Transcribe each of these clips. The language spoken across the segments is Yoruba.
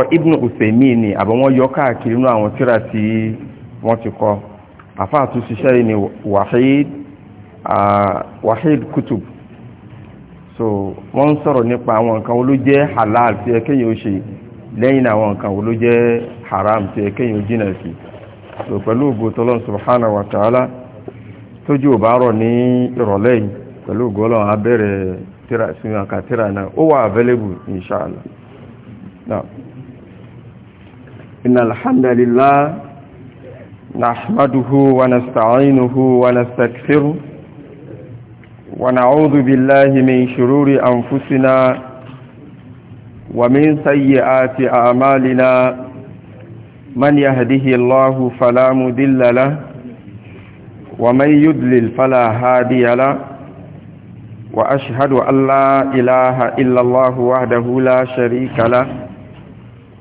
ọ ibn usemi ni àbọ̀ wọn yọ káàkiri n'ụlọ àwọn tíra tí Wọn ti kọ. àfáà tún ṣiṣẹ́ ni wahid wahid kutub so wọn sọrọ nípa àwọn nǹkan wo ló halal tí ẹ kéyìn ó ṣe lẹ́yìn àwọn nǹkan wo ló haram tí ẹ kéyìn ó jìnà sí so pẹ̀lú ògo tọ́lọ́n subhana wa ta'ala tójú ò bá rọ̀ ní ìrọ̀lẹ́ yìí pẹ̀lú ògo إن الحمد لله نحمده ونستعينه ونستكفره ونعوذ بالله من شرور أنفسنا ومن سيئات أعمالنا من يهده الله فلا مدل له ومن يدلل فلا هادي له وأشهد أن لا إله إلا الله وحده لا شريك له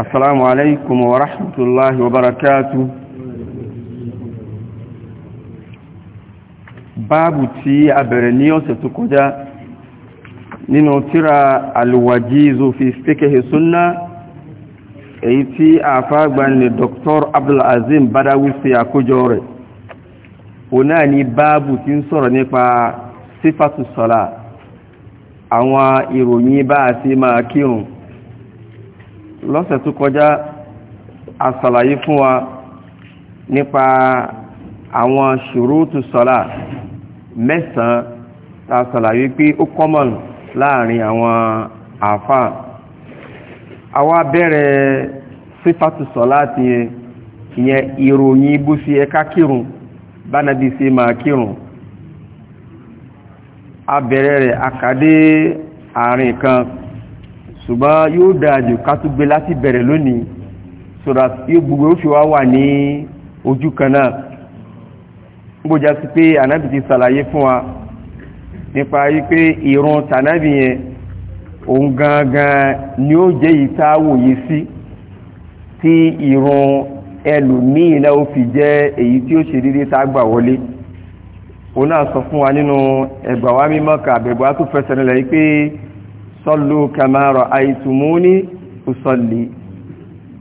السلام عليكم ورحمة الله وبركاته báàbù tí a bẹ̀rẹ̀ ní ọ̀sẹ̀ tó kọjá nínú tíra alwajizu fi fiqhi súnná èyí tí àfáàgbà ní dr abdulazim badawi fi àkójọ rẹ̀ o náà ní báàbù tí ń sọ̀rọ̀ nípa sífàtù sọ́lá àwọn ìròyìn bá àti máa kírùn-ún lọ́sẹ̀ tó kọjá a ṣàlàyé fún wa nípa àwọn ṣùrútù sọ́lá mẹ́sàn-án ta ṣàlàyé pé ó kọ́mọ̀n láàrin àwọn àfáà àwa bẹ̀rẹ̀ sífàtù sọ́lá ti yẹn ìròyìn bó sí ẹka kírun bánàbí sí máa kírun a rẹ̀ àkàdé àárín kan ṣùgbọ́n yóò dáa jù ká tún gbé láti bẹ̀rẹ̀ lónìí so that yóò gbogbo ó fi wá wà ní ojú kan náà gbójá sí pé ànábì ti ṣàlàyé fún wa nípa wípé ìrun tànábì yẹn òun gangan ni ó jẹ́ yìí tá a wòye sí tí ìrun ẹlòmíì náà ó fi jẹ́ èyí tí ó ṣe dédé tá a gbà wọlé òun náà sọ fún wa nínú ẹgbàá wa mímọ́ kà àbẹ̀gbà tó fẹsẹ̀ nílẹ̀ yìí pé sọ́lú kàmárọ̀ àìtùmúní ìsọ̀lì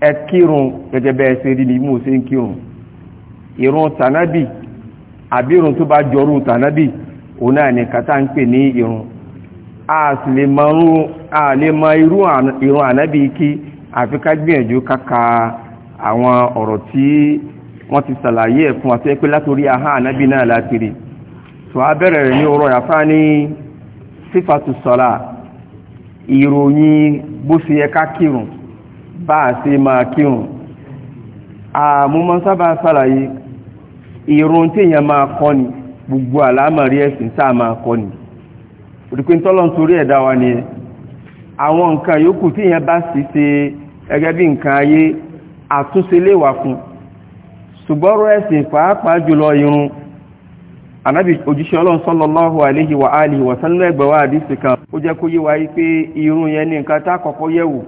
ẹ kírun gẹ́gẹ́ bẹ́ẹ̀ ṣe rí ní mú ń kírun ìrun tànábì àbí tó bá jọrú tànábì òun náà ni kàtà ń pè ní ìrun a sì lè mọ irú ìrun ànábì kí àfi ká gbìyànjú káka àwọn ọ̀rọ̀ tí wọ́n ti sàlàyé ẹ̀ fún wa tó yẹ pé látòrí ahá ànábì náà láti rí tó a bẹ̀rẹ̀ ní ọ̀rọ̀ yàfá ní sífàtù sọ́lá ìròyìn bó ṣe yẹ ká bá a máa kírun àmúmọ́ sábà sàlàyé ìròyìn tí máa kọ́ ni gbogbo àlámọ̀rí ẹ̀sìn sáà máa kọ́ ni òdìpín tọ́lọ̀ torí ẹ̀dá wa ni àwọn nǹkan tí bá sì ṣe bí nǹkan ayé àtúnṣe fún anábì òjíṣẹ́ ọlọ́run sallallahu alayhi wa alihi wa sallam ẹgbẹ̀wà àdísì kan ó jẹ́ kó yé wa yí pé irun yẹn ní nǹkan tá kọ́kọ́ yẹ̀wò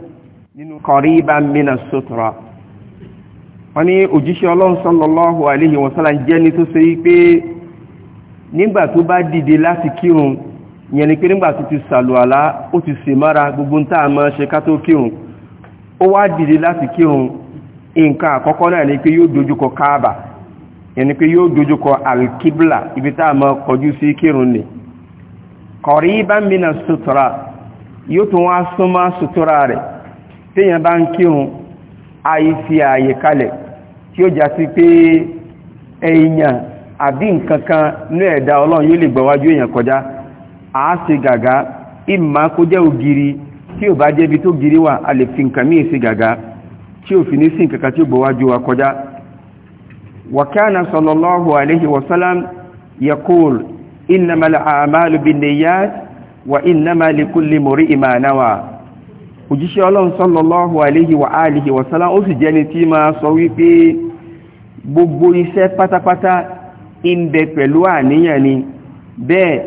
nínú qariban mina sutra wọ́n ní òjíṣẹ́ ọlọ́run sallallahu alayhi wa sallam jẹ́ ní tó ṣe yí pé nígbà tó bá dìde láti kírun yẹn ni pé nígbà tó ti sàlùwàlá ó ti yẹni pé yóò dojúkọ alkibla ibi tá a máa kọjú sí ni qariban mina sutura yóò tún wá súnmọ́ sutura rẹ̀ téèyàn bá ń kírun àìsí ààyè kalẹ̀ tí ó jásí pé èèyàn àbí nkankan ní ẹ̀dá ọlọ́run yóò lè gbọ́wájú èèyàn kọjá ṣe gàgá ìmá kó jẹ́ ògiri tí ò bá jẹ́bi tó giri wà a lè fi nǹkan míì gàgá tí ò fi ní sí kọjá وكان صلى الله عليه وسلم يقول إنما الأعمال بالنيات وإنما لكل امرئ ما نوى òjíṣẹ́ ọlọ́run sallallahu alayhi wa alihi wa sallam ó sì jẹ́ni tí máa sọ wípé gbogbo iṣẹ́ pátápátá ń bẹ pẹ̀lú àníyàn ni bẹ́ẹ̀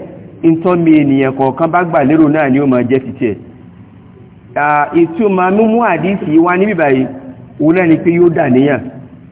ń tọ́mi ènìyàn kọ̀ọ̀kan bá gbà lérò náà ni ó máa jẹ́ ti tẹ̀ ìtumọ̀ mímú àdísì wá níbìbàyí òun náà ni pé yóò dàníyàn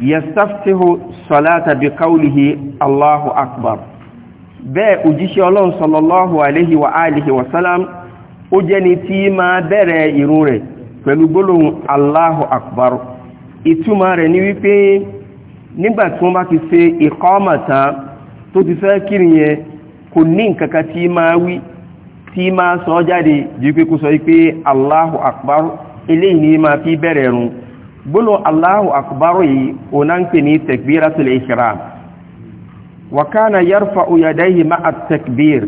yastaftihu salata bi qawlihi allahu akbar bẹ́ẹ̀ òjíṣẹ́ ọlọ́run sallallahu alayhi wa alihi wa salam ó jẹ́ ni tí máa bẹ̀rẹ̀ ìrun rẹ̀ pẹ̀lú gbólóhùn allahu akbar ìtumọ̀ rẹ̀ ni wípé nígbà tí wọ́n bá ti ṣe ìkọ́mọ̀ta tó ti fẹ́ kírun yẹn kò ní nǹkan kan tí máa wí tí máa ju pé kó sọ wípé allahu akbar eléyìí ni máa fi bẹ̀rẹ̀ run gbólò Allahu akbar yìí onáńkè ní takbiratul ihram wa kana yarfa'u yadayhi ma'a takbir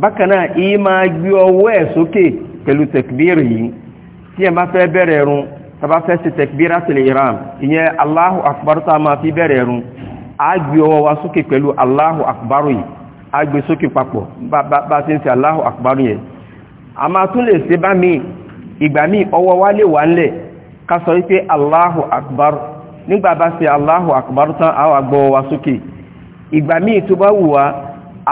bákan náà yìí máa gbé ọwọ́ ẹ̀ sókè pẹ̀lú takbir yìí tí ẹ bá fẹ́ bẹ̀rẹ̀ run tá bá takbiratul ihram ìyẹn Allahu akbar tá máa fi bẹ̀rẹ̀ a gbé wa sókè pẹ̀lú Allahu akbar yìí a gbé sókè papọ̀ bá ti ń fi Allahu akbar yẹn a máa tún lè ṣe mi ìgbà mi ọwọ́ wa lè wà ńlẹ̀ ka sọ wípé Allahu Akbar nígbà bá ṣe Allahu Akbar tán àwọn àgbọ̀ wa sókè ìgbà míì tó bá wù wá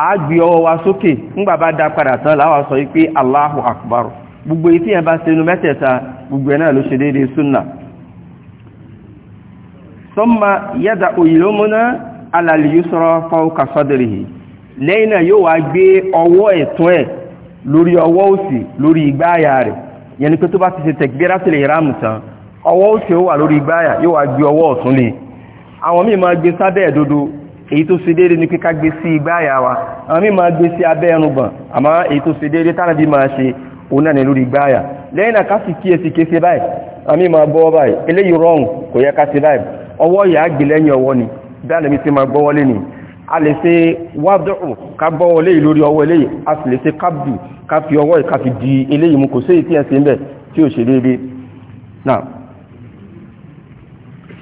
àágbé ọwọ́ wa sókè nígbà bá dá padà tán sọ wípé Allahu Akbar gbogbo ìtí yẹn bá inú mẹ́tẹ̀ẹ̀ta gbogbo ẹ̀ ló ṣe déédéé súnà sọ́mà yẹ́dà òyìnlómúná alàlìyúsọ́rọ̀ fọ́ọ̀kà sọ́dẹ̀rìhì lẹ́yìn náà yóò wá gbé ọwọ́ ẹ̀tún ẹ̀ lórí ọwọ́ òsì lórí ìgbáyà rẹ̀ yẹni pé ọwọ́ òsì ó wà lórí igbáyà yóò wá gbé ọwọ́ ọ̀tún lé àwọn míì máa gbé sábẹ́ ẹ̀dodo èyí tó ṣe déédé ní kíká gbé sí igbáyà wa àwọn míì máa gbé sí abẹ́ ẹnugbọ̀n àmọ́ èyí tó ṣe déédé tánàbí máa ṣe òun náà ní lórí igbáyà lẹ́yìn náà ká sì kíyèsí kése báyìí àmì máa bọ́ báyìí ni dáadẹ́bí tí máa gbọ́wọ́lé ni a lè ṣe wádọ́rùn ká gbọ́wọ́lé di eléyìí mú kò sí èyí tí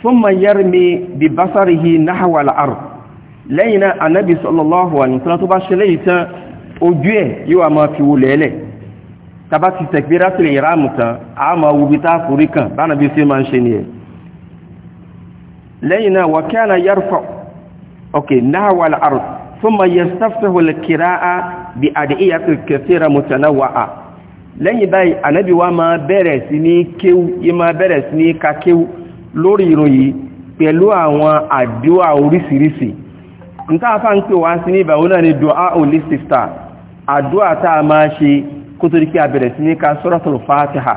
thumma yarmi bi basarihi nahwa al-ard lẹ́yìn náà anábì sallallahu alaihi wasallam tó bá ṣe lẹ́yìn tán ojú ẹ̀ yóò a máa fi wù lẹ́lẹ̀ tàbá ti tẹ̀gbéra sílẹ̀ ìráàmù tán a máa wubi tá àkórí kan bá nàbí sí máa ń ṣe nìyẹn lẹ́yìn náà wa kana yarfa okay nahwa al-ard thumma yastaftahu al-qira'a bi adiyatin kathira mutanawa'a lẹ́yìn báyìí anábì wa máa bẹ̀rẹ̀ sí ní kéwú yí máa bẹ̀rẹ̀ sí ní ka kéwú lórí ìròyìn pẹ̀lú àwọn àdúwà orísìírísìí nta afa ń pè wá ni sista àdúwà tá a máa ṣe kó tó sí ní ka suratul fatiha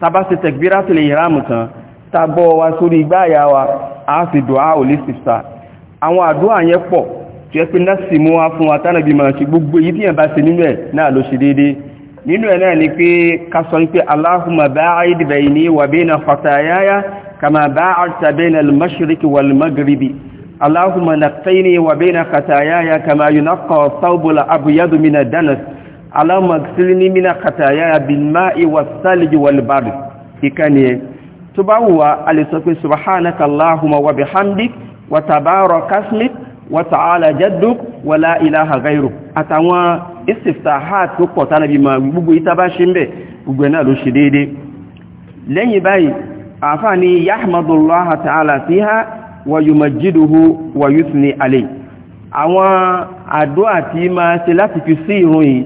tàbá sí takbiratul ihram tán tàbọ̀ wa sórí igbáyà wa a fi dùá òlì sista àwọn àdúwà yẹn pọ̀ tí ẹ pé fún atánàbí máa ṣe gbogbo bá ṣe nínú ẹ̀ náà ló ṣe nínú ẹ̀ náà ni pé ká sọ pé كما باعدت بين المشرق والمغرب اللهم نقيني وبين خطاياي كما ينقى الثوب الابيض من الدنس اللهم اغسلني من خطاياي بالماء والثلج والبرد ikani tubawa alisokwe subhanaka allahumma wa bihamdik wa tabarakasmik wa ta'ala jadduk wa la ilaha ghayruk àtàwọn istiftahat tó pọ̀ tanabi ma gbogbo ita ba na ló ṣe dédé lẹ́yìn àfáà ni yahmadullaha ta'ala fiha wa yumajjiduhu wa yuthni alayhi àwọn àdúà tí máa ṣe láti fi sí ìrun yìí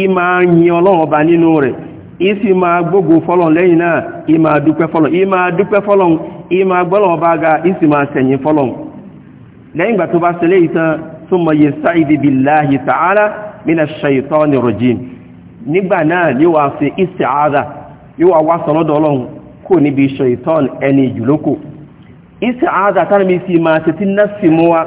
ìmá yin ọlọ́run ọba nínú rẹ̀ ìsì máa gbógun fọ́lọ̀ lẹ́yìn náà ìmá dúpẹ́ fọ́lọ̀ ìmá dúpẹ́ fọ́lọ̀ ìmá gbọ́lọ̀ ọba ga ìsì máa sẹ̀yìn fọ́lọ̀ lẹ́yìn ìgbà kò níbi ṣaitan ẹni ìjùlókò isi aza tánàbí sí máa ṣe tí náà sí mú wa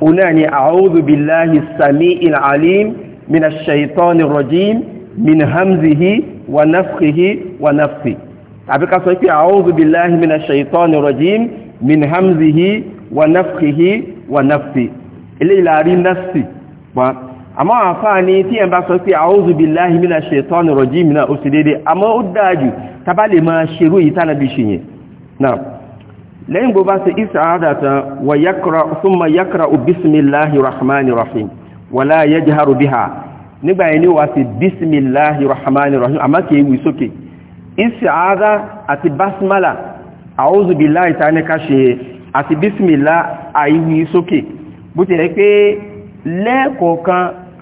ọ̀nà ni a'udhu billahi sami'il alim min ash-shaytani rajim min hamzihi wa nafthihi wa nafthi àbí ká sọ pé a'udhu billahi min ash-shaytani rajim min hamzihi wa nafthihi wa nafthi ilé ìlàrí nafthi pa àmọ́ àfáà ni tí ẹ̀ bá sọ pé a'udhu billahi min ash-shaytani rajim náà ó sì dédé àmọ́ ó dáa jù tàbá lè máa ṣerú èyí tánàbí ṣe yẹn náà lẹ́yìn gbogbo ṣe ìsàádà tán wà yákra súnmọ́ yákra bismillahi rahmani rahim wala yajharu biha nígbà yẹn ni wà sí bismillahi rahmani rahim àmá kìí wí sókè ìsàádà àti basmala a'udhu billahi ta'ala ká ṣe àti bismillah àìwí sókè bó ti rẹ̀ pé lẹ́ẹ̀kọ̀ọ̀kan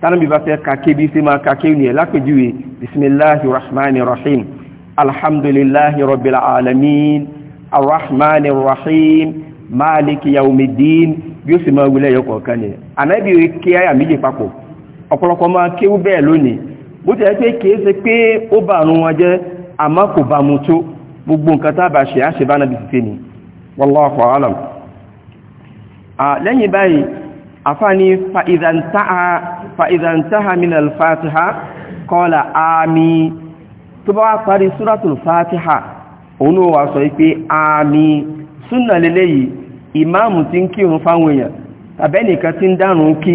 tánàbí bá fẹ́ kàké bí sí máa kàké ní ẹ̀ lápèjúwe bisimilahi rahmanir rahim alhamdulillahi rabbil alamin arrahmanir rahim maliki yaumidin bí ó sì máa wulẹ̀ yọkọ̀ kan ni ànábì kí àyà méjì papọ̀ ọ̀pọ̀lọpọ̀ máa kéwú bẹ́ẹ̀ lónìí afani fa idha intaha fa idha intaha min al-fatiha qala ami tó bá parí suratul fatiha onu wa sọ ipe ami sunna leleyi imam tin kírun fáwọn èyàn tàbẹ́ni kan tin dárun kí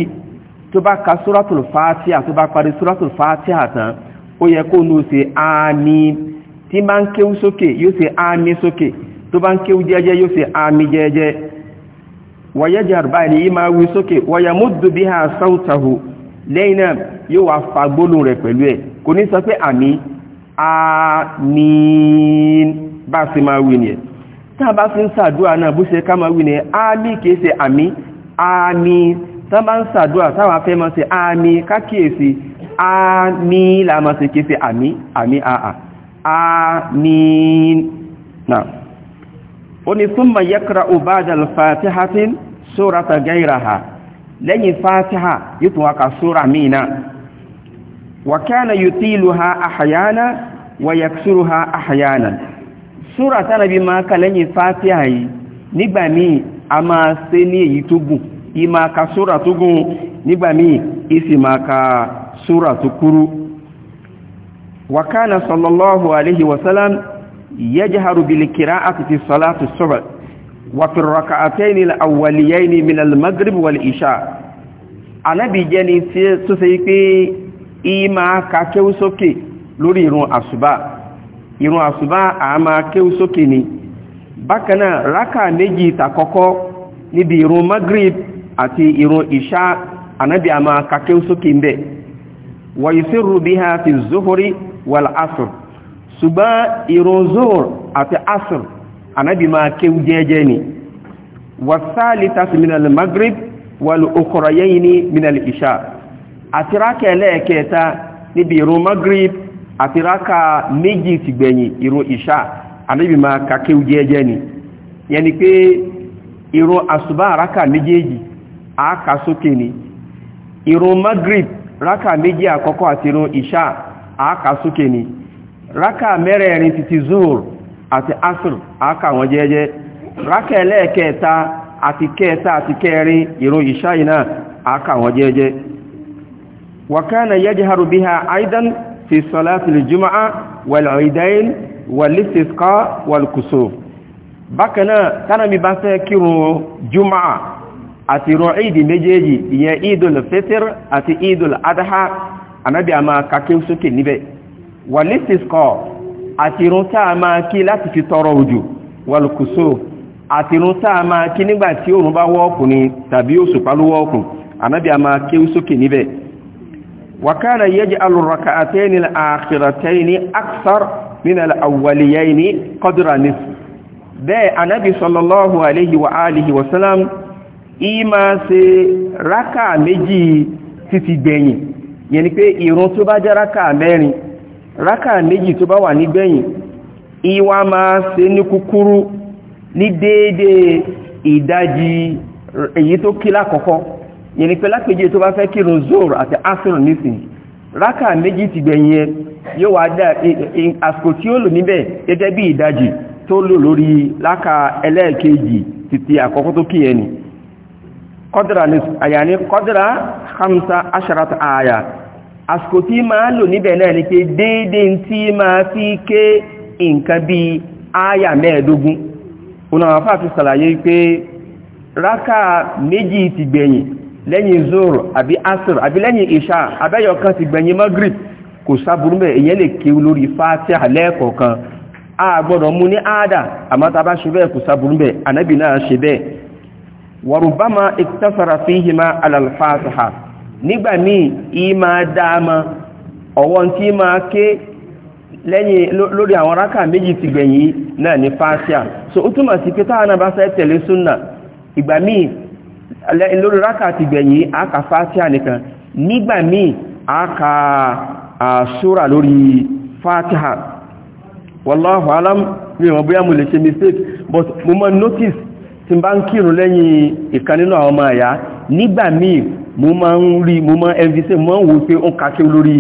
tó ka suratul fatiha tó bá parí suratul fatiha tán ó yẹ kó nu ami tin bá ń kéwú sókè ami soke tó bá ń kéwú ami jẹ́jẹ́ wọ̀yẹ́jàr báyìí yí máa wí sókè wọ̀yẹ̀múdù bí ha sáútàhù lẹ́yìn náà yóò wá fa gbólóhùn rẹ̀ pẹ̀lú ẹ̀ kò ní sọ pé àmì àmín bá sí máa wí ni ẹ̀ tá a bá fi ń oni thumma yaqra'u ba'da al-fatihati surata ghayraha lẹ́yìn fatiha yitu waka sura mina wa kana yutiluha ahyana wa yaksuruha ahyana sura tanabi ma ka lẹ́yìn fatiha yìí nígbà mi a ma ṣe ní èyí tó gùn i ma ka sura tó gùn mi isi ma ka sura tó wa kana sallallahu alaihi wa sallam يجهر بالقراءة في صلاة الصبح وفي الركعتين الأوليين من المغرب والعشاء Ànábì jẹ́ ni tó ṣe pé i máa ka kéwú sókè lórí ìrun àṣùbá ìrun àṣùbá a máa kéwú sókè ni bákanáà rákà méjì ìtàkọ́kọ́ níbi ìrun Maghrib àti ìrun ìṣá Ànábì a máa ka kéwú sókè ń bẹ̀ wa yusirru biha fi zuhuri wal asr ṣùgbọ́n ìrọ̀zọ́r àti asr anábì máa kéwú jẹ́jẹ́ ni wasaali tasi minal magrib wal okoroyẹ́yìn ni minal isha àti rákà ẹlẹ́ẹ̀kẹta níbi ìrun magrib àti rákà méjì ti gbẹ̀yìn ìrun isha anábì máa ka kéwú jẹ́jẹ́ ni yẹni pé ìrun àsùbá rákà méjèèjì àáka sókè ni ìrun magrib rákà méjì àkọ́kọ́ àti ìrun isha àáka sókè ni rákà mẹ́rẹ̀ẹ̀rin títí zuhur àti asr àkà wọn jẹ́jẹ́ rákà ẹlẹ́ẹ̀kẹta àti kẹta àti kẹrin ìró ìṣáyì náà àkà wọn jẹ́jẹ́ wakana yajharu biha aidan fi salati aljum'a wal idain wal istisqa wal kusuf wàlísìskọ̀ àti irun tá a máa kí láti fi tọrọ òjò wàlùkùsò àti irun tá a máa kí nígbà tí òrùn bá wọ́ọ̀kù ni tàbí òṣùpá ló wọ́ọ̀kù ànábì a máa kéwú sókè níbẹ̀ wàkánà yẹ́jẹ́ alùrọ̀kà àtẹ́ni alayhi wa alihi wa sallam ìmá ṣe rákà méjì títí gbẹ̀yìn yẹni pé ìrun tó bá jẹ́ rákà mẹ́rin rákà méjì tó wa wà nígbẹ̀yìn ìwà máa ṣe ní kúkúrú ní déédé ìdajì èyí tó kí lákọ̀ọ́kọ́ yẹn ni pé lápèjì tó bá fẹ́ kírun zoro àti asr nísìn rákà méjì ti gbẹ̀yìn ẹ yóò wá dá àsìkò tí ó lò níbẹ̀ gẹ́gẹ́ bí ìdajì tó lò lórí láka ẹlẹ́ẹ̀kejì títí àkọ́kọ́ tó kí ẹni kọ́dìrà ní àyà ní kọ́dìrà hamsa asharata aya àsìkò tí máa lò níbẹ̀ náà ni pé déédé tí máa fi ké nǹkan bí áyà mẹ́ẹ̀dógún onáwà fà fi sàlàyé pé rákà méjì ti gbẹ̀yìn lẹ́yìn zoro àbí asr àbí lẹ́yìn isha abẹ́yọkan ti gbẹ̀yìn magrib kò sáburú mẹ́ lè kéwú lórí fatiha a gbọ́dọ̀ mú ní áádà nígbà míì yìí ma daa a ma ntị ma ké lẹ́yìn lórí àwọn rákà méjì ti gbẹ̀yìn náà ní fásíà so ó túmọ̀ sí pé táwọn bá fẹ́ tẹ̀lé súnà ìgbà míì lórí ti gbẹ̀yìn a fásíà nìkan nígbà míì a kà lórí fátíhà wallahu alam mi bóyá mistake but mo notice mo máa ń rí mo máa mvc mo máa ń wo pé ó ń kàkí lórí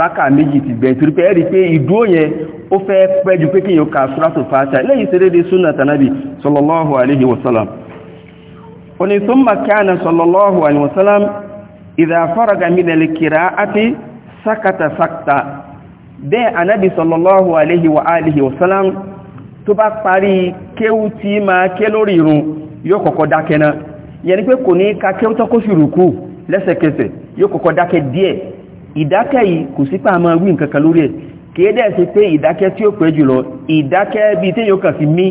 rákà méjì ti bẹ̀ torí ẹ̀rí pé ìdúró yẹn ó fẹ́ pẹ́ ju pé kíyàn ka suratul fatiha lẹ́yìn sẹ́rẹ́dẹ́ súnà tànàbì sallallahu alaihi wasallam oní kana sallallahu alaihi wasallam idha faraga min al sakata sakta bẹ́ẹ̀ anábì sallallahu alaihi wasallam tó bá parí kéwú tí máa ké lórí yóò kọ́kọ́ dákẹ́ yẹni pé kò ní ka kéwútọ́ kó sì rùkú lẹ́sẹ̀kẹsẹ̀ yóò kọ́kọ́ dákẹ́ díẹ̀ ìdákẹ́ yìí kò sí pé a máa wí nǹkan kan lórí ẹ̀ kìí dẹ̀ sí pé ìdákẹ́ tí ó pẹ́ jùlọ ìdákẹ́ bíi tí yóò kàn sí mí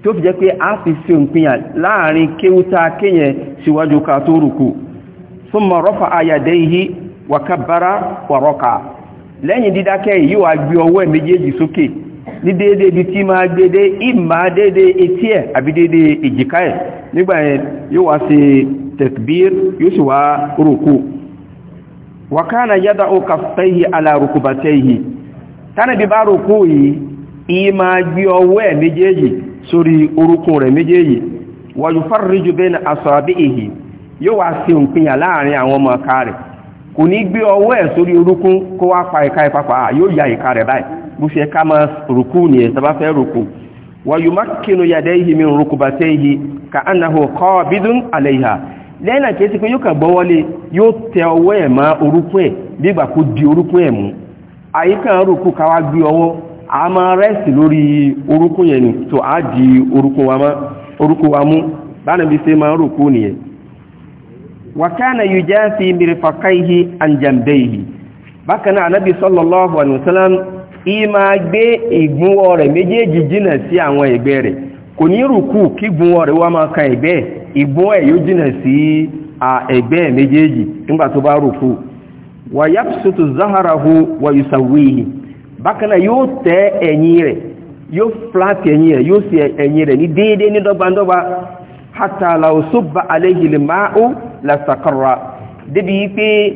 tí ó fi jẹ́ pé a fi ṣe òǹpinyà láàrin kéwúta kéyẹn síwájú ká tó rùkú summa rafa yadayhi wa kabbara wa raka lẹ́yìn dídákẹ́ yìí wà gbé ọwọ́ ẹ̀ méjèèjì sókè ní déédéé ibi tí máa déédéé ìmá déédéé etí ẹ̀ àbí déédéé ẹ̀ nígbà yẹn yóò wá sí tẹ̀kbír yóò sì wá rùkú wàkánà yádà ó kàfẹ́yì alárùkúbàtẹ́yì tánàbí bá rùkú yìí ìyí máa gbé ọwọ́ ẹ̀ méjèèjì sórí orúkún rẹ̀ méjèèjì wàjú fárìjú bẹ́ẹ̀ asọ̀rọ̀bí èyí yóò wá sí òǹpinyà láàrin àwọn ọmọ ọ̀ká rẹ̀ kò ní gbé ọwọ́ ẹ̀ sórí orúkún kó wá pa ìka ìpapà yóò ya ìka rẹ̀ báyìí wàyùmákínú yàdẹ́yìí mi rúkúbàtẹ́yìí ka annahu qabidun alayha lẹ́nà kìí sí pé yóò kà gbọ́wọ́lé yóò tẹ ọwọ́ ẹ̀ má orúkún ẹ̀ bígbà kó di orúkún ẹ̀ mú àyíká rúkú káwá gbé ọwọ́ a máa rẹ́sì lórí orúkún yẹn ni tó á di orúkún wa mú bára bí máa rúkú nìyẹn wa kana yujafi mirfaqayhi an jambayhi bákan náà anábì sallallahu alaihi ma gbé ìgbúnwọ́ rẹ̀ méjèèjì jìnà sí àwọn ẹ̀gbẹ́ rẹ̀ kò ní rùkú kí gbúnwọ́ rẹ̀ wá máa kan ẹ̀gbẹ́ ìgbún ẹ̀ yóò jìnà sí ẹ̀gbẹ́ méjèèjì nígbà tó bá rùkú wà yápsùtù záhàràhù wà yùsàwìhì bákan yóò tẹ ẹ̀yìn rẹ̀ yóò flat ẹ̀yìn rẹ̀ yóò sì ẹ̀yìn rẹ̀ ní déédé ní dọ́gbandọ́gba hatala làwòsóbà la débi pé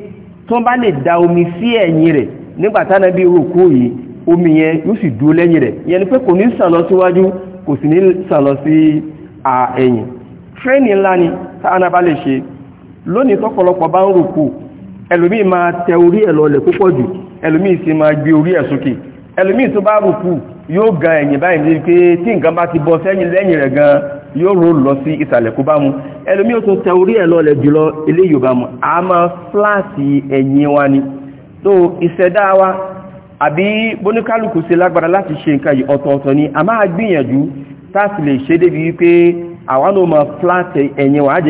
tó bá lè da omi sí ẹ̀yìn rẹ̀ rùkú yìí omi yẹn yóò sì dúró lẹ́yìn rẹ̀ yẹn ni pé kò ní sàn lọ síwájú kò sì ní sàn lọ sí ẹ̀yìn tírẹ́nì ńlá ni táwọn bá lè ṣe lónìí tọ́pọ̀lọpọ̀ bá ń rùkú ẹlòmíì máa tẹ orí ẹ̀ lọlẹ̀ púpọ̀ jù ẹlòmíì sì máa gbé orí ẹ̀ sókè ẹlòmíì tó bá rùkú yóò ga ẹ̀yìn báyìí ní pé tí nǹkan bá ti bọ́ sẹ́yìn lẹ́yìn rẹ̀ gan yóò rò lọ sí ìsàlẹ̀ kó bá mu ẹlòmíì tó tẹ orí ẹ̀ lọlẹ̀ jùlọ eléyìí ò mu a máa fúláàtì ẹ̀yìn wa ni tó ìṣẹ̀dá wa àbí bóníkálùkù sí lagbara láti ṣe nǹkan yìí ọ̀tọ̀ọ̀tọ̀ ni a máa gbìyànjú táàsì lè ṣe débi wípé àwọn náà ma fláàtì ẹ̀yìn wà á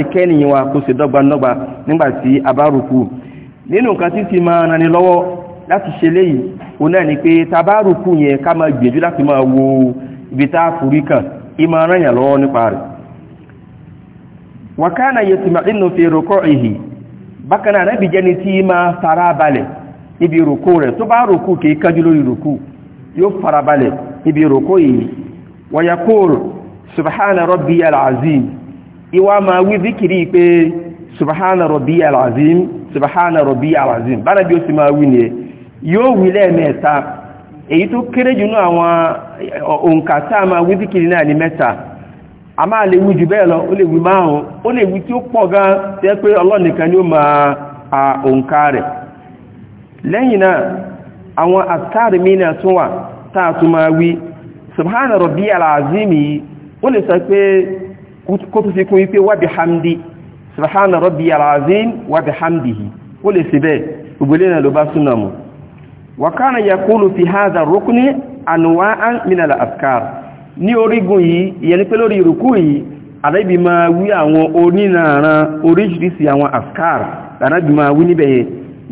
wa kó sì dọ́gbanọ́gba nígbàtí a bá rùkú nínú nǹkan tí ti máa lọ́wọ́ láti ni pé ta ibi ibi rùkú rẹ̀ tó bá rùkú kìí kájú lórí rùkú yóò farabalẹ̀ níbi rùkú yìí wa yaqul subhana azim ìwà ma wí zikiri pé subhana al azim subhana al azim bára bí ó sì máa wí nìyẹn yóò wí lẹ́ẹ̀mẹ́ta èyí tó kéré jù ní àwọn eh, òǹkà tá a máa wí zikiri náà ní mẹ́ta a máa lè wí jù bẹ́ẹ̀ lọ ó lè wí márùn-ún ó lè wí tí ó pọ̀ gan tẹ́ pé lẹ́yìn náà àwọn àtàrí mìíràn tún wà táà tún máa wí subhana rabbi ó lè sọ pé kó fi kún wípé hamdi subhana rabbi alazim wábi hamdihi ó lè sì bẹ́ẹ̀ gbogbo lẹ́nà ló bá súnà mu wakana fi afkar ní orígun yìí ìyẹn pé lórí ìrùkú yìí àdábì àwọn onínàrán oríṣiríṣi àwọn afkar àdábì máa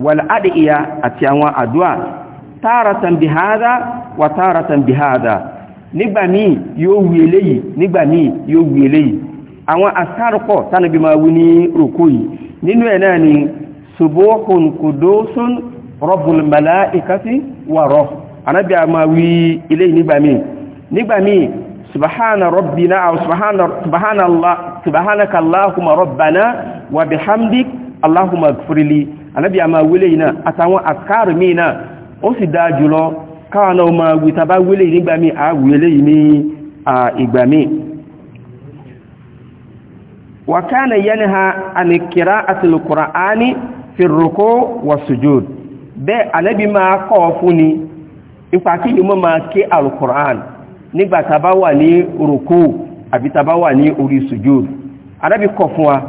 wàl'adìyà àti àwọn àdúà tààràtàn bí hádá wà tààràtàn bí hádá nígbà míì yóò wí eléyìí nígbà míì yóò wí eléyìí àwọn asárùpọ̀ tánàbí máa wí ní rùkú yìí nínú ẹ̀ náà ni subuhun kudusun rabbul mala'ikati wa ruh anábí a máa wí eléyìí allahumma rabbana wa bihamdik allahumma ighfirli anábì a máa wílé iná àtàwọn àkàrù míì náà ó sì dáa jùlọ káwọn náà máa wí tàbá wílé nígbà míì a wílé ní ìgbà míì wa kana yanha an qira'ati al-qur'ani fi ar-ruku' wa bẹ́ẹ̀ anábì máa kọ́ fún ni ipa kí yíò máa ké al nígbà tàbá wà ní rùkú àbí tàbá wà ní orí sujud anábì kọ́ fún wa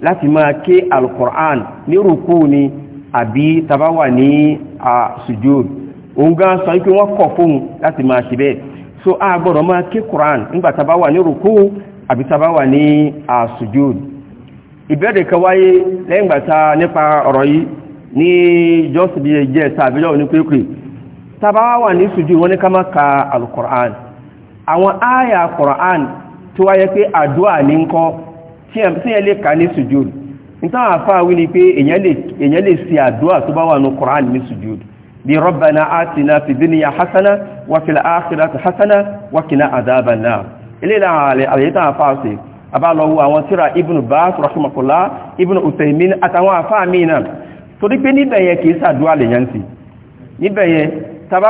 láti máa ké alkùrán ní rùkú ni àbí tabawa ní sujud òun gan sọ wípé wọ́n kọ̀ fóun láti máa ṣe bẹ́ẹ̀ so a gbọ́dọ̀ máa ké kùrán nígbà tabawa ní rùkú àbí tabawa ní sujud ìbẹ̀rẹ̀ kan wáyé lẹ́yìn gbàta nípa ọ̀rọ̀ yìí ní jọ́sìn bíi ẹ̀jẹ̀ sàbílẹ̀ sujud wọn ka alkùrán àwọn áyà kùrán tó wáyé pé àdúrà tí ẹ lè kà ní sùjúdù nítorí àfáàwí ni pé èyàn lè ṣe àdúrà tó bá wà ní Qur'an ní sùjúdù bí rabbana atina fi dunya hasana wa fil akhirati hasana wa qina adhaban nar ilé ìlànà àlẹ́yẹ́ta àfáàṣe abálọ́wọ́ àwọn tíra ibn Baz rahimahullah ibn Uthaymin àtàwọn àfáàmì náà torí pé níbẹ̀yẹ kìí sàdúrà lèyàn sí níbẹ̀yẹ tàbá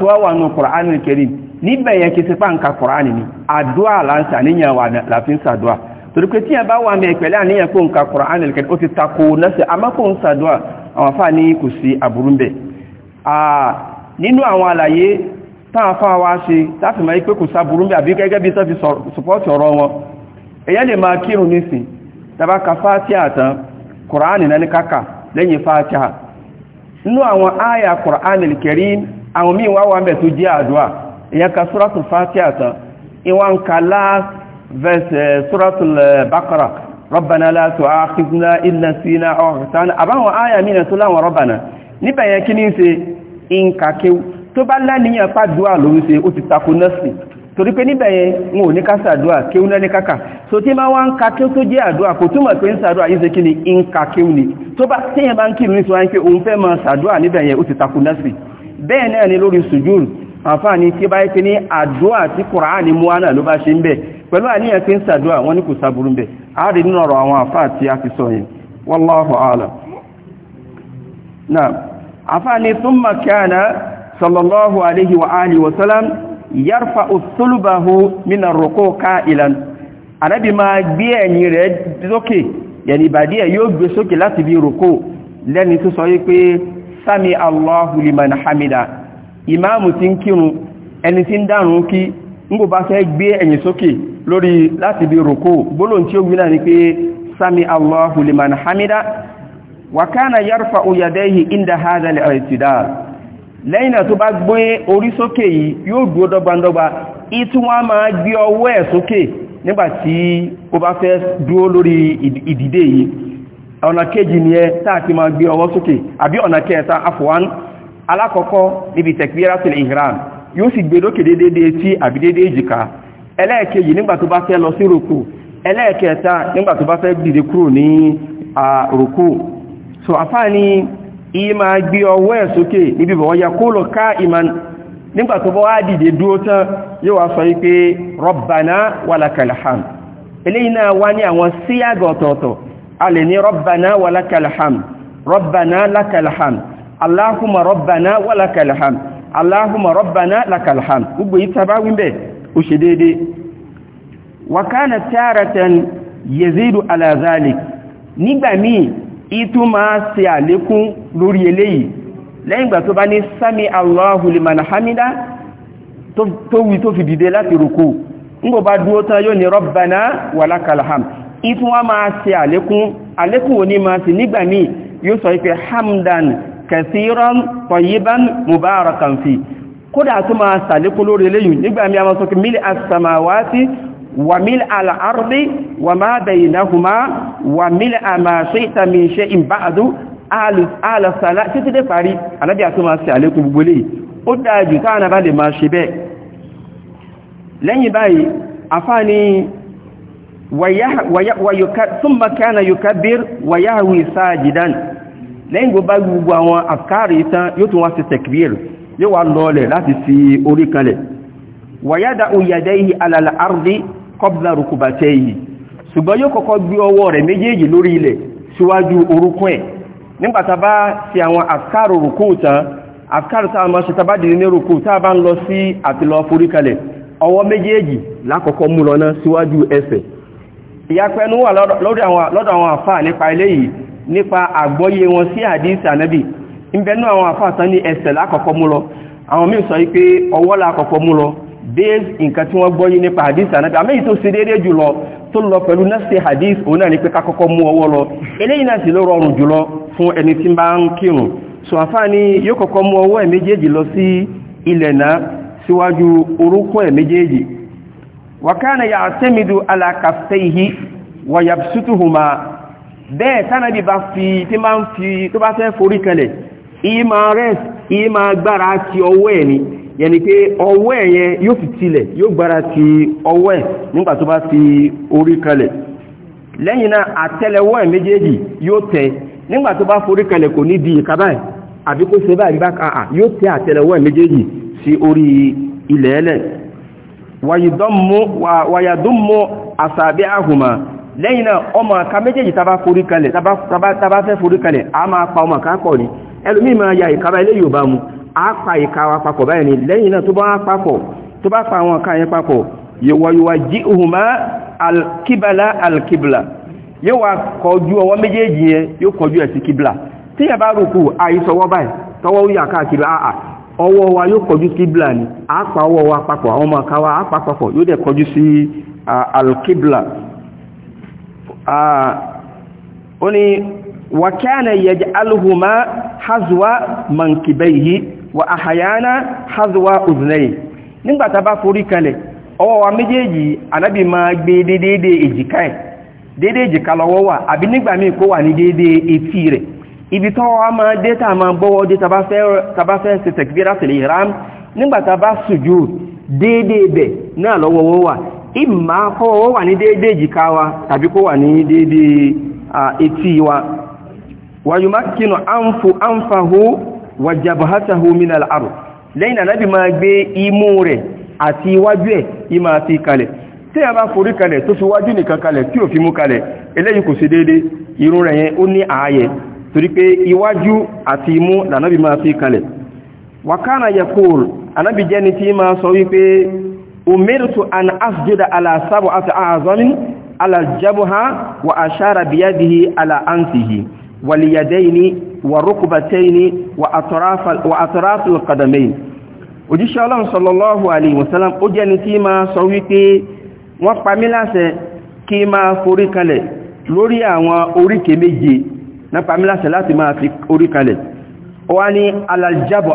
tó wà ní Qur'an al-Karim a yẹn kí sípà ń ka ni àdúà láńsà níyàn wà láfin sàdúà torí yẹn bá wà mẹ́ àníyàn kó ń ka ó ti takò lẹ́sẹ̀ amákò ń sàdúà àwọn afá ní kò sí nínú àwọn àlàyé wa ṣe láti máa pé kò sáburú bẹ̀ àbí gẹ́gẹ́ bí sọ́fi sọ́pọ́tì ọ̀rọ̀ wọn èyàn lè máa kírun nísìn tàbá ka fátíà tán kùránì náà ní káka lẹ́yìn ìyẹn ka suratul fatiha tán ìwọ̀n ka last verse eh, suratul eh, baqara rabbana la tu'akhidhna in nasina aw akhtana àbáwọn àyà mí tó láwọn rabbana níbẹ̀ yẹn kí ní ṣe ìǹkàkéw tó bá lánìyàn pàdúà ló ń ṣe ó ti takò nọ́ọ̀sì torí pé níbẹ̀ yẹn wọn ò ní ká sàdúà kéwú ní so tí máa wá ń ka kéwú tó jẹ́ àdúà kò túmọ̀ pé ń sàdúà yìí ṣe kí ni ń ka kéwú ni tó bá téèyàn ni lórí sùjúrù àǹfààní tí bá yẹ pé ní àdúà tí kùránì mú wá náà ló bá ṣe ń bẹ̀ pẹ̀lú àníyàn pé ń sàdúà wọ́n ní kò sáburú ń bẹ̀ àárín nínú ọ̀rọ̀ àwọn àfáà tí a ti sọ yẹn wallahu a'lam náà àfáàní thumma kana sallallahu alayhi wa alihi wa sallam yarfa'u thulubahu min ar-ruku' sami Allahu liman hamida ìmáàmù tí ń kírun ẹni tí ń dárun kí ngbò bá fẹ́ gbé ẹ̀yìn sókè lórí láti bí rùkú tí ó ni pé sami allahu liman hamida wa kana yarfa'u yadayhi inda hadha al lẹ́yìn tó bá gbé orí sókè yìí yóò dúró dọ́gbandọ́gba ìtún máa gbé ọwọ́ ẹ̀ sókè nígbàtí ó bá fẹ́ lórí yìí ọ̀nà ni ẹ alákọ̀ọ́kọ́ níbi takbiratul ihram yóò sì gbé lókè dédé tí àbí dédé èjìká ẹlẹ́ẹ̀kejì nígbà tó bá fẹ́ lọ sí rùkú ẹlẹ́ẹ̀kẹta nígbà tó bá fẹ́ dìde kúrò ní rùkú so àfáàní ìmá gbé ọwọ́ ẹ̀ sókè níbi bọ̀wọ́ ya kó lọ ká ìmá nígbà tó bá wá dìde dúró tán yóò wá sọ wípé rabbana walakal hamd eléyìí Allahumma rabbana wa lakal hamd Allahumma rabbana lakal hamd gbogbo yìí tàbá wíbẹ̀ ó ṣe déédé wa kana taratan yazidu ala zalik nígbà míì ìtú máa ṣe àlékún lórí eléyìí lẹ́yìn ìgbà tó bá ní sami Allahu liman hamida tó wí tó fi dìde láti rùkú ńgbò bá dúó tán yóò ní rabbana wa lakal hamd ìtú wá máa ṣe àlékún àlékún òní máa ṣe nígbà míì yóò sọ hamdan kẹsíran tọ̀yíbán mubarakan fi kódà tó máa sàlékú lórí eléyìn nígbà mi a máa sọ́kí mílì àsàmàwátí wà mílì àlàárdí wà máa bẹ̀yìn náhùmá wà mílì àmàṣẹ́ ìtàmìṣẹ́ ìbáàdú alàsàlá títí dé parí anábí àti máa sàlékú gbogbo lè ó dájú káàna bá lè máa ṣe bẹ́ẹ̀ lẹ́yìn báyìí afáni wàyíká súnmọ́ kánà yukabbir lẹ́yìn gbogbo gbogbo àwọn àkáàrí tán yóò tún wá sí tẹ̀kbír yóò wá lọ́ọ̀lẹ̀ láti fi orí kanlẹ̀ wàyádà òyàdá yìí alàlà àrùdí kọ́bùlà rùkùbàtẹ́ yìí ṣùgbọ́n yóò kọ́kọ́ gbé ọwọ́ rẹ̀ méjèèjì lórí ilẹ̀ síwájú orúkún ẹ̀ nígbàtà bá ti àwọn àkáàrò rùkú tán àkáàrò tá a máa ṣe tá a bá dìde lọ́dọ̀ àwọn àfáà nípa eléyìí nípa àgbọ́yé wọn sí àdísì ànábì ìbẹ̀nú àwọn àfáàsán ní ẹsẹ̀ lákọ̀ọ́kọ́ mú lọ àwọn míì sọ wípé ọwọ́ lákọ̀ọ́kọ́ mú lọ base nǹkan tí wọ́n gbọ́yé nípa àdísì ànábì àmì tó ṣe déédéé jùlọ tó lọ pẹ̀lú nẹ́sẹ̀ àdísì òun náà ní pé kákọ́kọ́ mú ọwọ́ lọ eléyìí náà sì ló rọrùn jùlọ fún ẹni tí bá ń kírun so àfáàní yà àtẹ́mìdú alákàfẹ́ yìí bẹ́ẹ̀ tánàbí bá fi tí máa ń fi tó bá fẹ́ forí kanlẹ̀ ìmá ìmá gbára ti ọwọ́ ẹ̀ ni yẹni pé ọwọ́ ẹ̀ yóò fi tilẹ̀ yóò gbára ti ọwọ́ ẹ̀ nígbà tó bá fi orí kanlẹ̀ lẹ́yìn náà àtẹ́lẹwọ́ ẹ̀ méjèèjì yóò tẹ nígbà tó bá forí kanlẹ̀ kò ní di àbí lẹ́yìn náà ọmọ àká méjèèjì tàbá forí kalẹ̀ tàbá fẹ́ forí kalẹ̀ a máa pa ọmọ àká kọ̀ ní ẹlòmí máa ya ìkàrà ilé yóò bá mu a pa ìkàrà papọ̀ báyìí lẹ́yìn náà tó bá papọ̀ tó bá pa àwọn àká yẹn papọ̀ yíwáyíwá jí ohùnmá alkibala alkibla yóò wá kọjú ọwọ́ méjèèjì yẹn yóò kọjú sí kibla tí yà bá rùkù àìsọwọ́ ọwọ́ wa kibla a pa ọwọ́ wa papọ̀ àwọn ọmọ àká wa a pa papọ̀ yóò dẹ̀ kọjú sí alkibla oni ah, wa kana yaj'aluhuma hazwa mankibaihi wa ahyana hazwa udhnayhi nigba ta ba fori kale owo wa mejeji anabi ma gbe dedede ejika e dede ejika lowo wa abi nigba mi ko wa ni dede eti re ibi to wa ma de ta ma bo wo de ta ba fe ta ba fe se takbirat al ihram nigba be na lowo ìmá kó wà ní déédé jìká wa tàbí kó wà ní déédé etí wa wàyù má kínú ánfò ánfàhó wàjàbáhátáhó mínal àrù lẹ́yìn ànábì máa gbé imú rẹ̀ àti iwájú ẹ̀ ìmá àti kalẹ̀ tí a bá forí kalẹ̀ tó fi wájú nìkan kalẹ̀ tí ò fi mú kalẹ̀ eléyìí kò sí déédé irun rẹ̀ yẹn ó ní ààyè torí pé iwájú àti imú lànábì máa fi kalẹ̀ wàkánà yẹ kóòl ànábì jẹ́ni tí máa sọ wípé umirtu an asjuda ala sab'ati a'zamin ala al-jabha wa ashara bi yadihi ala anfihi wal yadayni wa rukbatayni wa atraf wa atraf al-qadamayn òjíṣẹ́ Ọlọ́run sallallahu alayhi wa sallam ó jẹ́ ni tí ma sọ wí pé pa mí láṣẹ kí ma forí kanlẹ̀ lórí àwọn oríkèé méje na pa mí láṣẹ láti ma fi orí kanlẹ̀ ó ala jabha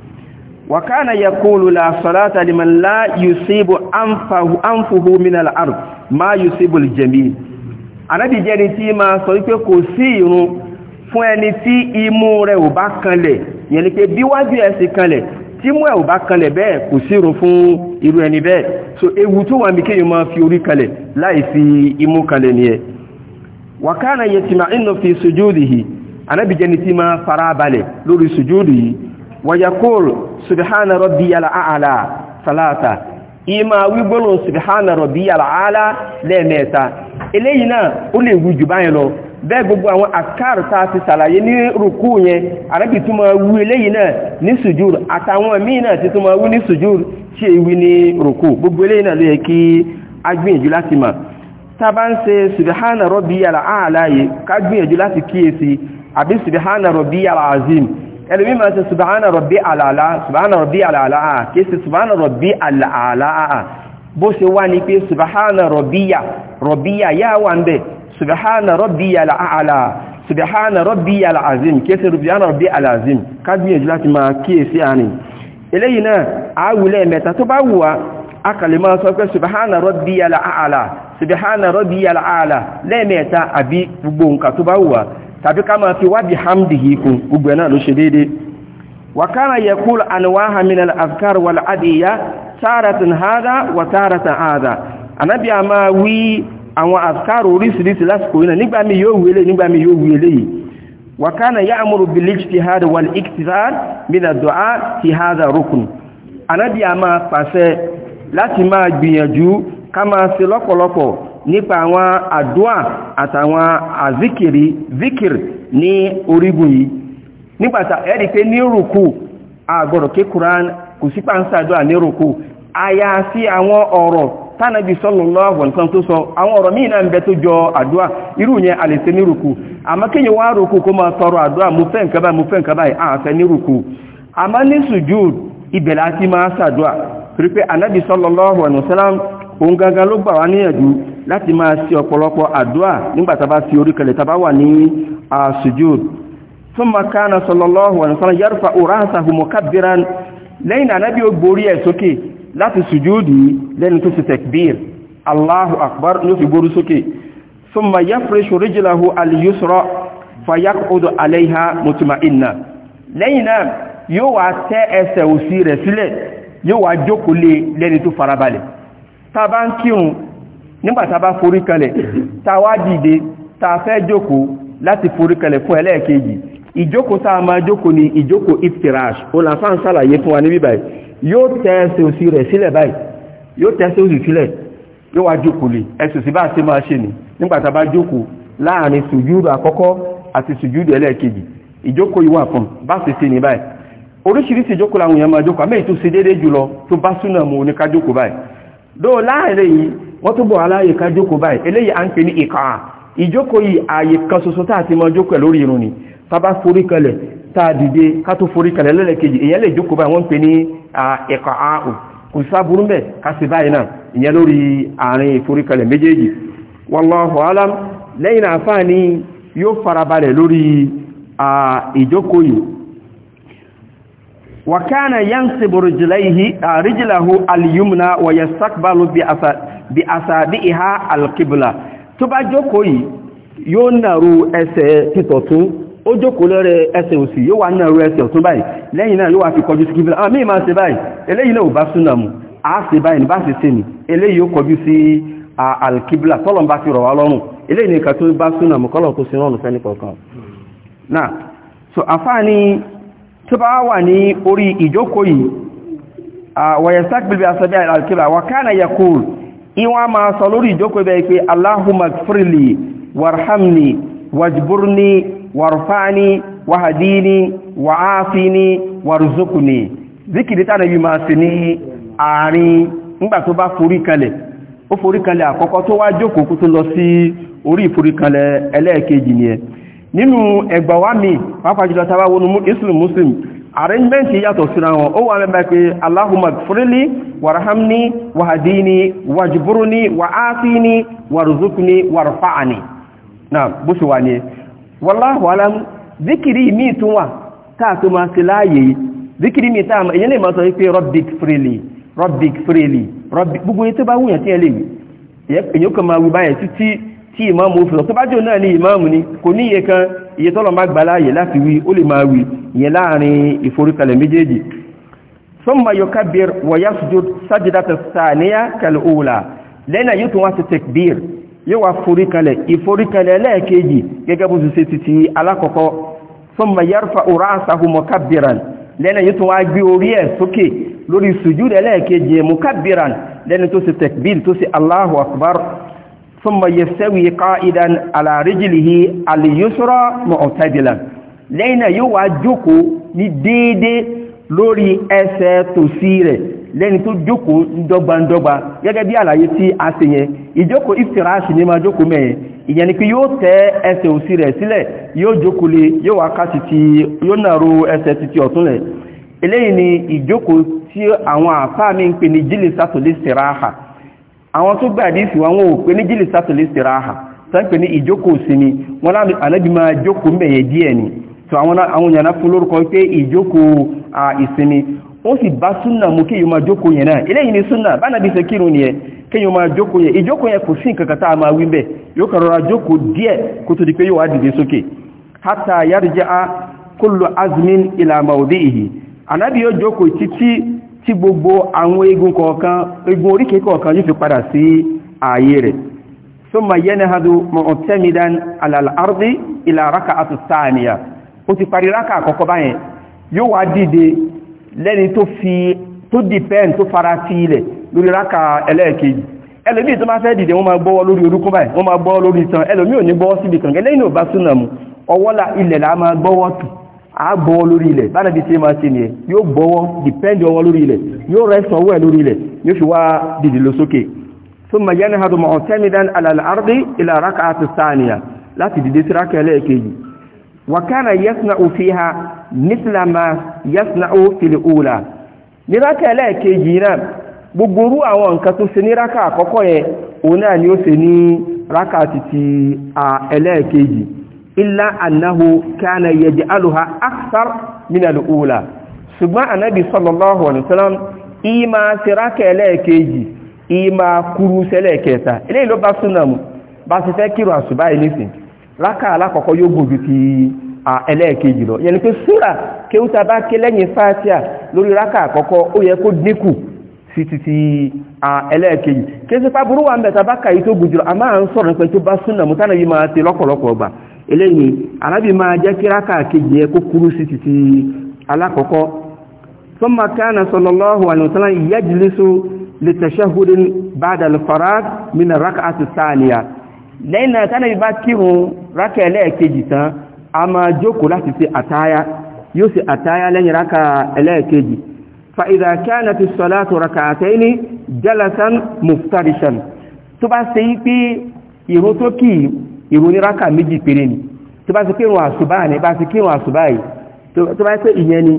وكان يقول لا salata لمن la يصيب أنفه, أنفه من الأرض ما ma الجميع Ànábì jẹ́ ni tí máa sọ wípé kò sí si fún ẹni tí imú rẹ̀ ò bá kanlẹ̀ yẹn ni pé bí wájú ẹ̀ sì kanlẹ̀ tí imú ẹ̀ ò bá kanlẹ̀ bẹ́ẹ̀ kò sí ìrun fún irú ẹni bẹ́ẹ̀ so ewu tó wà ní kéyàn máa fi orí kanlẹ̀ láì fi imú kanlẹ̀ ni ẹ̀ wa kana yatima'innu fi sujudihi Ànábì jẹ́ ni tí máa farabalẹ̀ lórí wayakul subhana rabbiyal a'la salata ima wigbolo subhana rabbiyal a'la lẹ́mẹ́ta eléyìí náà ó lè wuju báyìí lọ bẹ́ẹ̀ gbogbo àwọn àkàrù tá a ti sàlàyé ní rùkú yẹn arábì tó máa wú eléyìí náà ní sùjúr àtàwọn míì náà ti tó máa wú ní sùjúr tí è wí ní rùkú gbogbo eléyìí náà ló yẹ kí agbìyànjú láti mà tá a bá ń ṣe subhana rabbiyal a'la yìí láti kíyèsí àbí subhana rabbiyal azim ẹlòmí máa ṣe subhana rabbi alàlá subhana rabbi alàlá à kìí ṣe subhana rabbi alàlá à bó ṣe wá ní pé subhana rabbiya rabbiya yá wà ń bẹ̀ subhana rabbiya alàlá subhana rabbiya alàzim kìí ṣe subhana rabbi alàzim kágbìyànjú láti máa kíyèsí àárín eléyìí náà àáwùlẹ̀ mẹ́ta tó bá wù wá akàlè máa sọ pé subhana rabbiya alàlá subhana rabbiya alàlá lẹ́ẹ̀mẹ́ta àbí gbogbo tàbí ká máa fi wábi hamdihi kún gbogbo ẹ̀ náà ló ṣe déédéé wakana yakul anwaha min al-azkar wal adiya taratan hada wa taratan hada anabi ama wí àwọn azkar oríṣiríṣi lásìkò ina nígbà mi yóò wele nígbà mi yóò wele yi wakana ya'muru bil ijtihad wal iktisar min ad-du'a fi rukun. rukn anabi ama pàṣẹ láti máa gbìyànjú ká máa ṣe lọ́pọ̀lọpọ̀ nípa àwọn àdúà àtàwọn àzíkìrí zíkìr ní orígun yìí nígbàtà ẹ̀rí pé ní rùkù àgbọ̀rọ̀ ké Quran kò sí pàǹsàdúà ní rùkù àyàfi àwọn ọ̀rọ̀ tánàbí sallallahu alaihi wasallam tó sọ a lè ṣe ní rùkù àmọ́ kéèyàn wá rùkù kó máa tọrọ àdúà mo fẹ́ nǹkan báyìí mo fẹ́ nǹkan báyìí àfẹ́ ní rùkù àmọ́ ní sùjúd ibẹ̀ láti máa ṣàdúà torí pé ànábì sallallahu alaihi wasallam òun gangan ló gbà wá níyànjú láti máa sí ọ̀pọ̀lọpọ̀ àdúà nígbàtà bá sí orí kẹlẹ̀ tàbá wà ní àṣùjúd thumma kana sallallahu alaihi wasallam yarfa'u ra'sahu mukabbiran lẹ́yìn ànábí ó gborí ẹ̀ sókè láti sùjúdì lẹ́ni tó sì takbir Allahu akbar ló fi gborí sókè thumma yafrishu rijlahu al-yusra fayaqudu alaiha mutma'inna lẹ́yìn náà yóò wá tẹ́ ẹsẹ̀ òsì rẹ̀ sílẹ̀ yóò wá jókòó lé lẹ́ni tó farabalẹ̀ tá bá ń kírun nígbàtà bá forí kalẹ̀ ta wá dìde ta fẹ́ jókòó láti forí kalẹ̀ fún ẹlẹ́ẹ̀kejì ìjókòó tá máa jókòó ni ìjókòó iftirash ó la fáà ń sàlàyé fún wa níbí báyìí yóò tẹ ẹsẹ̀ òsì rẹ̀ sílẹ̀ báyìí yóò tẹ ẹsẹ̀ òsì sílẹ̀ yóò wá jókòó lè ẹsẹ̀ òsì bá ṣe máa ṣe ni nígbà tá bá jókòó láàrin sùjúdù àkọ́kọ́ àti sùjúdù ẹlẹ́ẹ̀kejì ìjókòó yìí wà fún bá ṣe ṣe ni báyìí oríṣiríṣi ìjókòó làwọn èèyàn máa jókòó àmì èyí tó ṣe déédéé jùlọ tó bá súnà mu oníkájókòó báyìí dóò láàrin yìí wọ́n túbọ̀ aláyè ká jókòó báyìí eléyìí à ń pè ní ìkà ìjókòó yìí ààyè kan ṣoṣo tá àti mọ jókòó lórí irun ni tá bá forí kalẹ̀ tá a dìde ká tó forí kalẹ̀ lẹ́lẹ́kejì èyàn lè jókòó báyìí wọ́n pè ní ìkà ààrùn kò sáburú mẹ́ ká sì báyìí náà ìyẹn lórí àárín ìforí kalẹ̀ méjèèjì wallahu alam lẹ́yìn àfáàní Bi asabi iha alkibla tó bá jókòó yìí yóò nàró ẹsẹ̀ títọ̀tún ó jókòó lọ́rẹ̀ ẹsẹ̀ òsì yóò wá nàró ẹsẹ̀ ọ̀tún báyìí lẹ́yìn náà yóò wá fi kọjú sí kíbla àmì ìmá ṣe báyìí eléyìí náà ò bá súnà mu a ṣe báyìí ní bá ṣe ṣe ni eléyìí ó kọjú sí alkibla tọ́lọ̀ bá ti rọ̀ wá ìwọ́n a máa sọ lórí ìjókòó bẹ́ẹ̀ pé Allahumma gfirli warhamni wajburni warfani wahadini wa'afini warzuqni zikiri tánà yìí máa sì ní àárín nígbà tó bá forí kalẹ̀ ó forí kalẹ̀ àkọ́kọ́ tó wá jókòó kó tó lọ sí orí ìforí ẹlẹ́ẹ̀kejì nìyẹn nínú ẹgbàwá mi wọnú islam muslim arrangement yàtọ̀ síra wọn ó wà mẹ́bàá pé allahumma gfurili warhamni wahadini wajburni wa'afini warzuqni warfa'ani na bó ṣe wà ní wallahu alam zikiri mi tún wà táà tó máa sí láàyè zikiri mi táà èyí lè máa sọ pé rabbi gfurili rabbi gfurili tí ìmáàmù ó fi lọ tó bá jò náà ní ìmáàmù ni kò ní iye kan iye tọ́lọ̀ má gbà láàyè láti wí ó lè máa wí ìyẹn láàrin ìforíkalẹ̀ méjèèjì summa yukabbir wa yasjud sajdata thaniya kal ula lẹ́nà yóò tún wá sí tekbir yóò wá foríkalẹ̀ ìforíkalẹ̀ lẹ́ẹ̀kejì gẹ́gẹ́ bó ṣe ti ti alákọ̀ọ́kọ́ summa yarfa'u ra'sahu mukabbiran lẹ́nà yóò tún wá gbé orí ẹ̀ sókè lórí sùjúdẹ̀ lẹ́ẹ̀kejì mukabbiran lẹ́nà ثم يستوي قائدا على رجله اليسرى معتدلا لين يواجهكو نديد lórí ẹsẹ̀ tòsí rẹ̀ lẹ́ni tó jókòó ndọ́gbandọ́gba gẹ́gẹ́ bí àlàyé tí a ṣe yẹn ìjókòó ìfìràṣì ní ma jókòó mẹ́yẹn ìyẹn ni pé yóò tẹ́ ẹsẹ̀ òsì rẹ̀ sílẹ̀ yóò jókòó lé yóò wá ká títí yóò nàró ẹsẹ̀ títí ọ̀tún rẹ̀ eléyìí ni ìjókòó tí àwọn àfáà mi ń pè ní jílì sátòlé àwọn tó gbà àdísì wọn ò pé ní jílì sátìlì síràhà sáńpẹ̀ ní ìjókòó sinmi wọn láàrín ànábì máa jókòó mẹ́yẹ díẹ̀ ni tó àwọn èèyàn náà fún lórúkọ pé ìjókòó ìsinmi ó sì bá súnà mú kí yóò máa jókòó yẹn náà eléyìí ni súnà bá nàbí ṣe kírun yẹn kí yóò máa jókòó yẹn ìjókòó yẹn kò sí nǹkan tá a máa wí bẹ́ẹ̀ yóò kàn rọra jókòó díẹ̀ kó tó di pé yóò wá dìde sókè hátà yárìjá kullu azmin ila mawdihi ànábì yóò jókòó títí tí gbogbo àwọn egun kọ̀ọ̀kan egun oríkè kọ̀ọ̀kan yóò fi padà sí ààyè rẹ̀ summa yanhadu mu'tamidan ala al-ardi ila rak'ati thaniya ó ti parí rákà àkọ́kọ́ báyẹn yóò wá dìde lẹ́ni tó fi tó dìpẹ́ǹ tó fara sí ilẹ̀ lórí rákà ẹlẹ́ẹ̀kejì ẹlòmí tó bá fẹ́ dìde wọ́n máa gbọ́wọ́ lórí orúkún báyìí wọ́n máa gbọ́wọ́ lórí itan ẹlòmí ò ní a gbọ́wọ́ lórí ilẹ̀ bánàbí tí ma ṣe ni ẹ yóò gbọ́wọ́ dìpẹ́ndì ọwọ́ lórí ilẹ̀ yóò rẹ́sùn ọwọ́ ẹ̀ lórí ilẹ̀ yóò fi wá dìdì lọ sókè ثم ينهض معتمدا على الارض الى ركعه الثانيه لا تدي ركعه لكي وكان يصنع فيها مثل ما في الاولى ní raka lẹ́ẹ̀kejì náà gbogbo orú àwọn nǹkan tó ṣe ní raka àkọ́kọ́ yẹn òun náà ni illa annahu kana yaj'aluha akthar min al-ula ṣùgbọ́n anabi sallallahu alaihi wasallam ima sirake lẹ́ẹ̀kejì ima kuru sẹ́lẹ̀kẹta eléyìí ló bá súnà mu bá ti fẹ́ kírun àṣùbá yìí nísìn rákà alákọ̀ọ́kọ́ yóò gùn ju ti ẹlẹ́ẹ̀kejì lọ yẹn ni pé súrà kéwúta bá ké lẹ́yìn fátíà lórí rákà àkọ́kọ́ ó yẹ kó dínkù sí ti ti ẹlẹ́ẹ̀kejì kí n sì pa burú wa ń bẹ̀ tá bá kà yìí tó gùn jùlọ àmọ́ à ń sọ̀rọ̀ nípa tó bá súnà mu eléyìí anábì máa jẹ́ kíráka kejì ẹ kó kúrú sí títí alákọ̀ọ́kọ́ thumma kana sallallahu alaihi wasallam yajlisu li tashahhudin ba'da al-faragh min ar-rak'ati ath-thaniya lẹ́yìn náà tánàbí bá kírun rákà ẹlẹ́ẹ̀kejì tán a máa jókòó láti fa idha kanat as-salatu rak'atayn jalasan muftarishan tó bá ṣe yí pé ìrun oníráka méjì péré ni tó bá ti kírun àṣùbá ní bá ti kírun àṣùbá yìí tó bá pé ìyẹn ni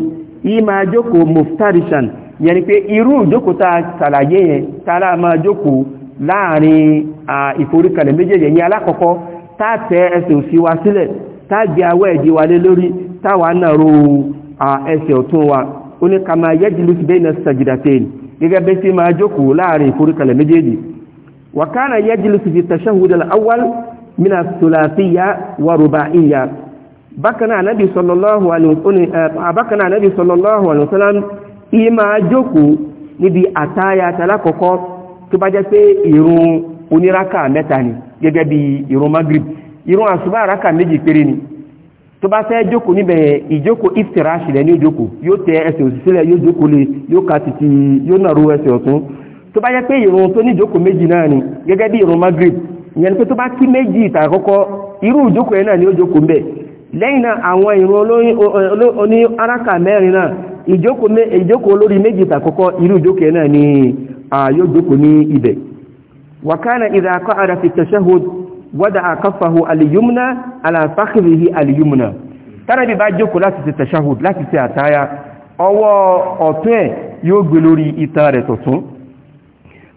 yìí máa jókòó muftarishan yẹn ni pé irú ìjókòó ta ṣàlàyé yẹn tààlà máa jókòó láàrin ìforíkalẹ̀ méjèèjì yẹn alákọ̀ọ́kọ́ táàtẹ ẹsẹ̀ òsì wa sílẹ̀ táàgbé awọ́ ẹ̀dí wa lé lórí táwa náà ro ẹsẹ̀ ọ̀tún wa ó ní ká máa yẹ́jìlú sí bẹ́ẹ̀ sàjìdàtẹ́ni gẹ́gẹ́ bẹ́ sí máa jókòó láàrin ìforíkalẹ̀ wàkánà yẹ́jìlú sí fi tashahhud al mina sulasiya wa rubaiya bákanáà anábì sallallahu alaihi wasallam ima jókòó níbi àtáyà tàlákọ̀ọ́kọ́ tó bá jẹ́ pé ìrun oníraka mẹ́ta ni gẹ́gẹ́ bí ìrun magrib ìrun àsùbá raka méjì péré ni tó bá fẹ́ jókòó níbẹ̀ ìjókòó iftirashi lẹ́ ní òjókòó yóò tẹ ẹsẹ̀ òsì sílẹ̀ yóò jókòó lé yóò ka títí yóò nàró ẹsẹ̀ ọ̀tún tó bá jẹ́ pé ìrun tó ní ìjókòó méjì náà ni gẹ́gẹ́ bí ìrun magrib ìyẹn pé tó bá kí méjì ìtàkọ́kọ́ irú ìjókòó yẹn náà ni ó jókòó ń bẹ̀ lẹ́yìn náà àwọn ìrun oní áráka mẹ́rin náà ìjókòó lórí méjì ìtàkọ́kọ́ irú ìjókòó yẹn náà ni yóò jókòó ní ibẹ̀ wàkánà ìdàkọ́ ara fi wada akaffahu al ala fakhrihi al-yumna tára bí bá jókòó láti ṣe tashahhud láti ṣe àtáyà ọwọ́ ọ̀tún ẹ̀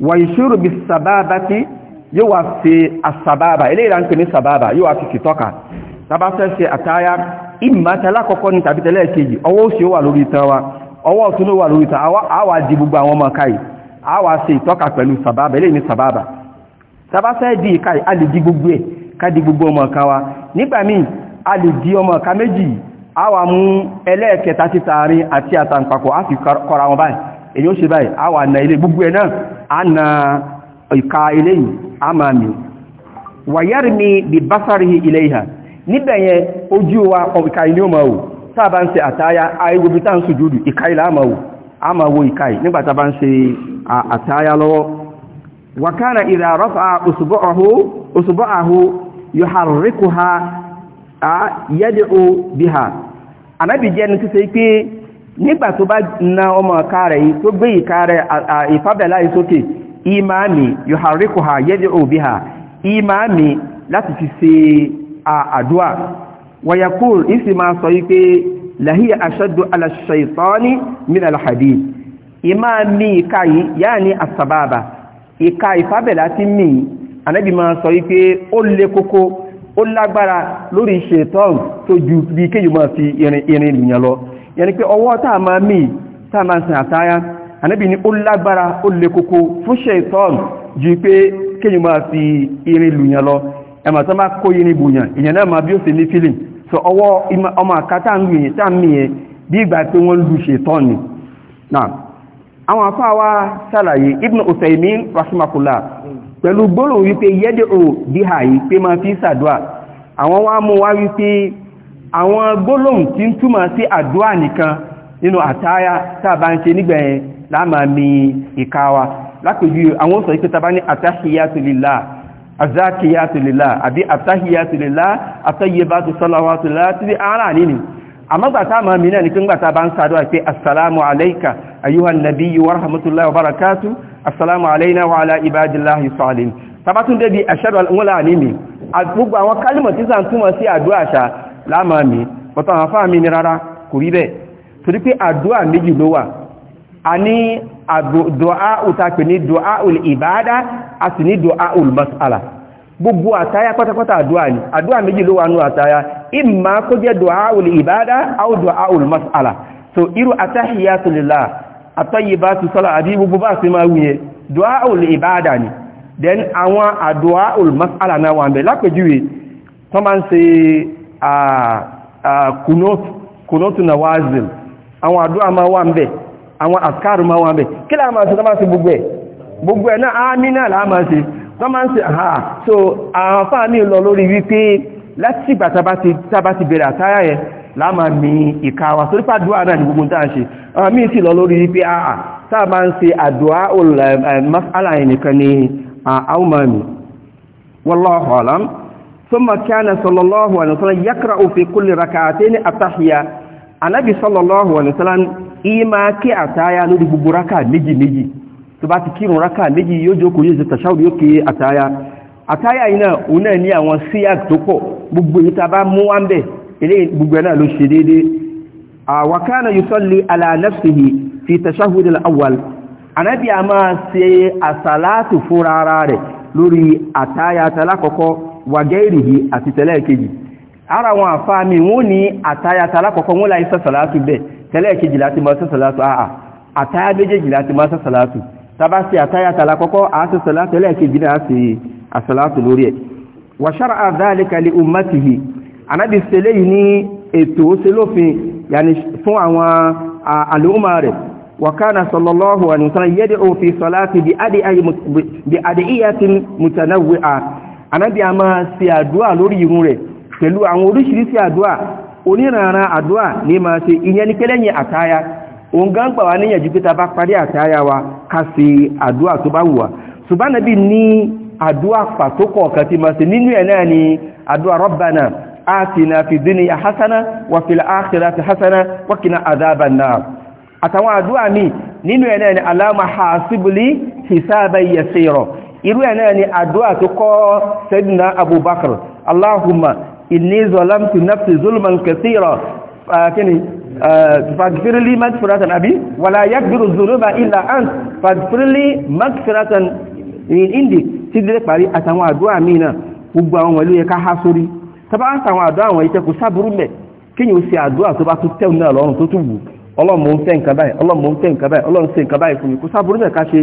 wà ìṣúrù bí sàbábá tí yóò wá fi àsàbábá ilé ìlànkè ní sàbábá yóò wá fi fi tọ́ka tàbá fẹ́ ṣe àtáyá ìmọ̀tẹ́lá kọ́kọ́ ní tàbí tẹ́lẹ̀ ọwọ́ òsì ó wà lórí ìtàn wa ọwọ́ ọ̀tún ló wà lórí ìtàn àwà di gbogbo àwọn ọmọ káyì àwà ṣe di ìkáyì a lè di gbogbo ẹ̀ ká di gbogbo ọmọ ká wa nígbà míì a lè di ọmọ èyí ó ṣe báyìí a wà na ilé gbogbo ẹ̀ náà a na ìka ilé yìí a máa mi wàyẹ́rì mi bí básárì ilé ìhà níbẹ̀ ojú wa ìka ilé ó máa wò tá a bá ń ṣe àtáyá ayéwo bí tá ń sùjúdù ìka ilé a máa wò a máa wo ìka yìí nígbà a bá ń ṣe àtáyá lọ́wọ́ wàkánà ìrà rọ́fà nígbà tó bá na ọmọ ọ̀ká rẹ̀ yìí tó gbé ìka rẹ̀ ìfábẹ̀lá yìí sókè ìmáàmì yòhàríkò ha yẹ́dẹ̀ òbí ha ìmáàmì láti fi ṣe àdúà wayakul isi máa sọ yí pé lahiya ashaddu ala shaytani min alhadid ìmáàmì ìka yìí yáàní asababa ìka ìfábẹ̀lá ti mì anábì máa sọ yí pé ó le kókó ó lágbára lórí shaytan tó ju yẹni pé ọwọ́ táà máa mí táà máa sin àtáyá ànábì ni ó lágbára ó lè kókó fún ṣẹ̀tọ́n ju pé kéyìn máa fi irin lùyàn lọ ẹmà tó máa kó irin bùyàn ìyàn náà máa bí ó sì ní fílìn so ọwọ́ ọmọ àká táà ń lùyìn táà mí yẹn bí ìgbà pé wọ́n lu ṣẹ̀tọ́n ni àwọn afá wa sàlàyé Ibn Uthaymin rahimahullah pẹ̀lú gbólóhùn wípé yẹ́dẹ̀ ò díhà yìí pé máa fi sàdúà àwọn wá mú wá wípé àwọn gbólóhùn tí ń túmọ̀ sí àdúà nìkan nínú àtáyá tàbá ń ṣe nígbẹ̀yẹn láàmà mi ìka wa lápèjú àwọn sọ ìpẹta bá ní àtàṣíyàtù lillah àzákíyàtù lillah àbí àtàṣíyàtù lillah àtàyébátù sọ́láwàtù lillah tí ara nínú àmọ́gbàtà máa mìíràn ní píngbàtà bá ń sàdọ́ assalamu alaika wa alaina wa ala ibadillahi salim. tabatun debi ashhadu an la ilaha illa anta gbogbo àwọn kálímọ̀ tí sàn túmọ̀ sí àdúrà láàmà mi pọ̀tọ̀ àwọn afá mi ni rárá kò rí bẹ́ẹ̀ torí pé àdúà méjì ló wà a ní àdúà òtàpè ní dùá ul ìbádá a sì ní dùá ul mas'ala gbogbo àtayá pátápátá àdúà ni àdúà méjì ló wà nú àtayá ìmá kó jẹ́ dùá ul ìbádá au dùá ul so irú àtàhíyátù lillah àtọ́yìbátù sọ́lá àbí gbogbo bá sí máa wúyẹ dùá ni then àwọn àdúà ul mas'ala náà wà ń bẹ̀ kùnótù na wázìl àwọn àdúrà máa wà ń bẹ̀ àwọn àkàrù máa wà ń bẹ̀ kí láàmà sí tọ́mà sí gbogbo ẹ̀ gbogbo ẹ̀ náà àmìnà láàmà sí tọ́mà sí àhà so àfáà ní lọ lórí wípé láti ìgbà tàbá ti bẹ̀rẹ̀ àtáyà yẹn láàmà mi ìka wa torípa àdúrà náà ní gbogbo tá à ń ṣe àwọn míì sì lọ lórí wípé àà tàbá ń ṣe àdúrà mas'ala nìkan ni ثم كان صلى الله عليه وسلم يقرأ في كل ركعتين التحية النبي صلى الله عليه وسلم إما كي أتايا لدي ببركة نجي نجي تباتي كيرو ركع نجي يوجوكو يوجو تشاور يوكي أتايا àtáyà iná òun náà ní àwọn síyàk tó pọ̀ gbogbo ìta bá mú wá ń bẹ̀ ilé gbogbo náà ló ṣe déédé àwàkánà yusalli ala nafsihi fi tashahhud al-awwal anábì a máa ṣe àsàlátù fúnra rẹ̀ lórí àtáyà talákọ̀ọ́kọ́ wàgẹ́rì yìí àti tẹ́lẹ̀kejì ara wọn àfáàmì wọ́n ní àtayàtà alákọ̀ọ́kọ́ wọ́n láì sọ́sàlátù bẹ̀ tẹ́lẹ̀kejì láti máa sọ́sàlátù àà àtayà méjèèjì láti máa sọ́sàlátù tàbá sí àtayàtà alákọ̀ọ́kọ́ àásọ́sàlátù tẹ́lẹ̀kejì náà sí àsàlátù lórí ẹ̀ wa shar'a dhalika li ummatihi anábì sẹlẹ̀ yìí ní ètò òṣèlófin yàní fún àwọn àlùmọ̀ rẹ̀ وكان صلى الله عليه وسلم يدعو في صلاته بأدعية متنوعة anábì a máa ṣe àdúà lórí irun rẹ̀ pẹ̀lú àwọn oríṣiríṣi àdúà oníranran àdúà ní máa ṣe ìyẹn ní pé lẹ́yìn àtáyà òun gan gbà wá níyànjú bá parí àtáyà wa ká ṣe àdúà tó bá wù wá ṣùgbọ́n anábì ní àdúà pàtó kọ̀ọ̀kan tí máa ṣe nínú ẹ̀ náà ni àdúà rabbana atina fi dunya hasana wa fil akhirati hasana wa qina adhaban nar àtàwọn àdúà mi nínú ene ni alama hasibli hisaban yasira irú ẹ̀ náà ni àdúrà tó kọ́ sayyidina abubakar allahumma inni zalamtu nafsi zulman kathira ah, kíni ah, fagfirili magfiratan abi wala yagbiru zunuba illa ant fagfirili magfiratan indi tí dé parí àtàwọn àdúrà míì náà gbogbo àwọn ìlú yẹ ká há sórí tàbá àtàwọn àdúrà àwọn ìtẹ́kù sábúrú mẹ́ kíyàn ó ṣe àdúrà tó bá tún tẹ́ùn náà lọ́rùn tó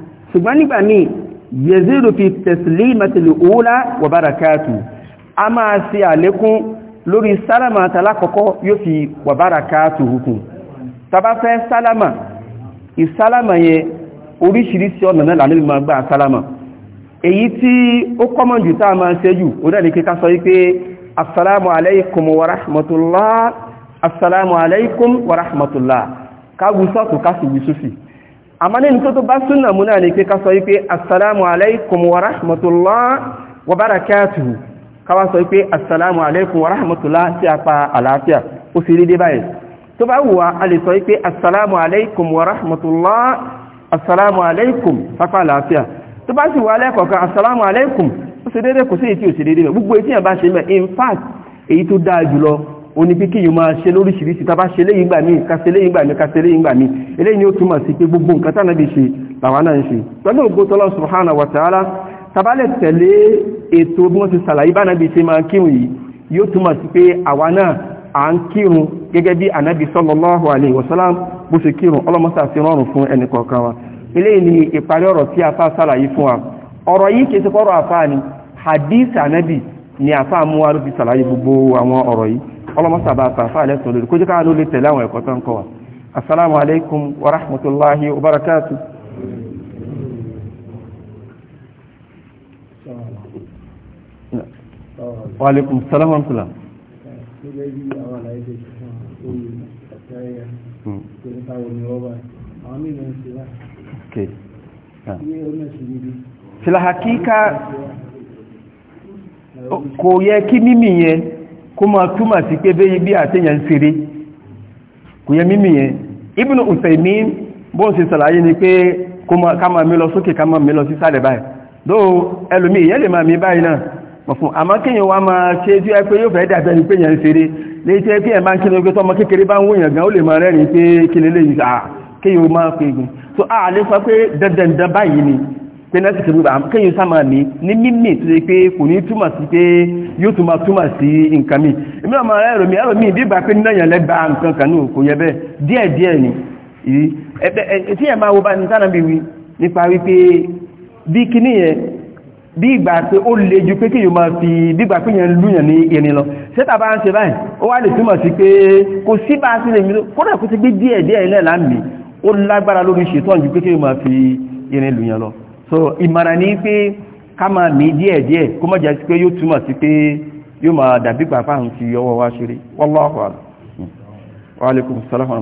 ṣùgbọ́n nígbà míì yẹ̀zírù fi taslimatil ula wa barakatu a máa ṣe àlékún lórí sálámà tàlákọ́kọ́ yóò fi wa barakatu hukun tàbá fẹ́ sálámà ìsálámà yẹn oríṣiríṣi ọ̀nà náà lànà ìmọ̀ gbà sálámà èyí tí ó kọ́mọ̀ jù táà máa ṣe jù ó dẹ̀ ní kíká sọ wípé assalamu àmọ́ ní tó tó bá súnà mú náà ni pé ká sọ wípé assalamu alaikum wa rahmatullah wa barakatuhu káwá sọ wípé assalamu alaikum wa rahmatullah sí apá àlàáfíà ó sì rí dé báyìí tó bá wùwá a lè sọ wípé assalamu alaikum wa rahmatullah assalamu alaikum sápá oni ní pé kí yíò máa ṣe lóríṣìíríṣìí tàbá ṣe léyìn gbà mí ká ṣe léyìn gbà mí ká ṣe léyìn gbà mí eléyìn ni ó túmọ̀ sí pé gbogbo nǹkan tánà bí ṣe làwọn náà ń ṣe pẹ̀lú ògbó tọ́lá subhanahu wa ta'ala tàbálẹ̀ tẹ̀lé ètò bí wọ́n ti sàlàyé bá nàbí ṣe máa kírun yìí yóò túmọ̀ sí pé àwa náà ni ìparí ọ̀rọ̀ tí afá sàlàyé fún mú wa ló fi sàlàyé gbogbo àwọn ọ̀rọ̀ yìí ọlọ́mọ́sàbà àfàfà alẹ́sùn olórí kó jẹ́ káà ló lè tẹ̀lé àwọn ẹ̀kọ́ tó ń kọ́ wa assalamu alaikum wa rahmatullahi wa barakatuh wa alaikum salam wa rahmatullah hakika kò yẹ kí mímì yẹn kó máa túmọ̀ sí pé bẹ́yìn bí àtẹ́yàn ṣeré kò yẹ mímì yẹn Ibn Usaymin bó ń ṣe sàlàyé ni pé ká máa mi lọ sókè ká máa mi lọ sí sàlẹ̀ báyìí dó ẹlòmí ìyẹn lè máa mi báyìí náà mọ̀ fún àmọ́ kéèyàn wá máa ṣe tí ó pé yóò fẹ́ dàbẹ́ ni pé yẹn ń ṣeré léyìí tí ẹ kéèyàn bá ń kíni pé tọmọ kékeré bá ń wòyàn gan ó lè máa rẹ́rìn pé kíni lè yìí kéèyàn máa pè gùn so a lè sọ pé dandandan báyìí ni pé nẹ́sì tó rúbà kéyìn sáma mi ní mímì tó yẹ pé kò ní túmọ̀ sí pé yóò túmọ̀ túmọ̀ sí nǹkan mi èmi ọmọ ẹ̀rọ mi ẹ̀rọ mi bí ìgbà pé nílẹ̀ yẹn lẹ́gbà nǹkan kan náà kò yẹ bẹ́ẹ̀ díẹ̀ díẹ̀ ni tí ẹ̀ máa wo bá ní sáà bí wí nípa wípé bí kíní yẹn bí ìgbà pé ó le ju pé kéyìn máa fi bí ìgbà pé yẹn lú yẹn ní irin lọ sẹ́tà bá ń ṣe báyìí ó wá lè túmọ̀ sí pé kò sí bá a sí lè mi kódà kó ti gbé díẹ̀ díẹ̀ ilẹ̀ láàmì ó lágbára lórí ṣètò ọ̀njú pé kéyìn máa fi irin lù yẹn lọ so ìmọ̀ràn ní pé ká máa mí díẹ̀ díẹ̀ kó mọ̀ jẹ́ sí pé yóò túmọ̀ sí pé yóò máa dàbí pàápàá ń fi ọwọ́ wá ṣeré wallahu a'lam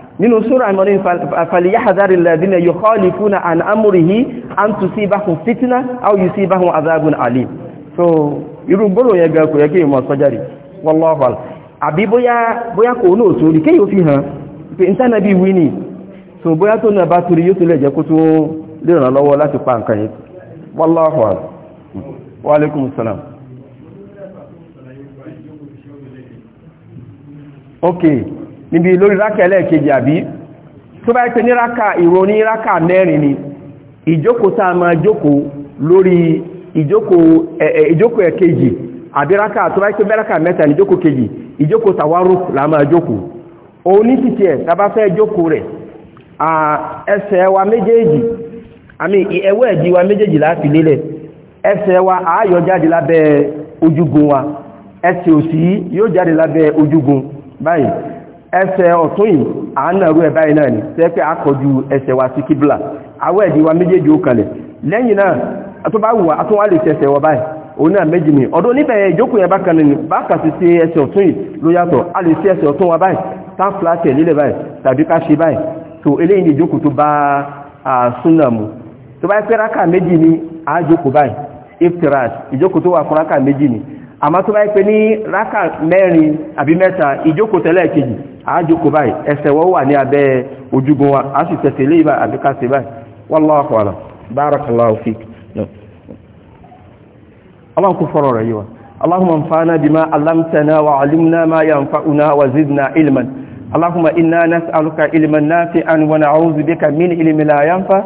nínú súra ìmọ̀rin fàlìyáhàdárì lẹ́dínà yóò kọ́lì fún àn amúrìhí an tó sí ìbáhùn fitina au yìí sí ìbáhùn azagun alì so irú gbọ́rọ̀ yẹn gẹ̀ẹ́kù yẹ kí ìmọ̀ sọ́járì wọ́lọ́wọ́l àbí bóyá kò ní òtò rí kéyò fi hàn pé ń tánà bí wíní so bóyá tó náà bá yóò tó okay níbi lórí rákà ẹlẹ́ẹ̀kejì àbí tó bá pẹ́ ní rákà ìrun ní rákà mẹ́rin ni ìjókòó tá a máa jókòó lórí ìjókòó ẹ̀kejì àbí rákà tó bá pẹ́ mẹ́rákà mẹ́ta ní jókòó kejì ìjókòó tàwárò là máa jókòó òun ní títí ẹ̀ tàbá fẹ́ jókòó rẹ̀ ẹsẹ̀ wa méjèèjì àmì ẹwọ́ ẹ̀dí wa méjèèjì láti lélẹ̀ ẹsẹ̀ wa ààyọ jáde lábẹ́ ojúgun wa ẹsẹ̀ òsì yóò jáde lábẹ́ ojúgun báyìí Ese ọ̀tún yìí àánàrú ẹ̀bá iná ni tẹ́ akọjú ẹsẹ̀ wa sí kíbla awọ́ ẹ̀dí wa méjèèjì ó kalẹ̀ lẹ́yìn náà àtúbá wùwà àtúnwà lè tẹ́sẹ̀ wọ báyìí òun náà méjì ọdún níbẹ̀ ìjókòó yẹn bá sí yìí ló yàtọ̀ a lè wa báyìí tá fúláṣẹ̀ lílẹ̀ báyìí tàbí ká ṣe báyìí tó eléyìí ìjókòó tó bá àmọ́ tó bá pè ní rákà mẹ́rin àbí mẹ́ta ìjókòó tẹ́lẹ̀ kejì àájókòó báyìí ẹsẹ̀ wọ́n wà ní abẹ́ ojúgun wa a sì tẹ̀sẹ̀ lé ìbá àbíká sí báyìí wallahu a'lam barakallahu fik Allah kò fọ́rọ̀ rẹ̀ yíwa Allahumma anfa'na bima 'allamtana wa 'allimna ma yanfa'una wa zidna ilman Allahumma inna nas'aluka ilman nafi'an wa na'udhu bika min ilmin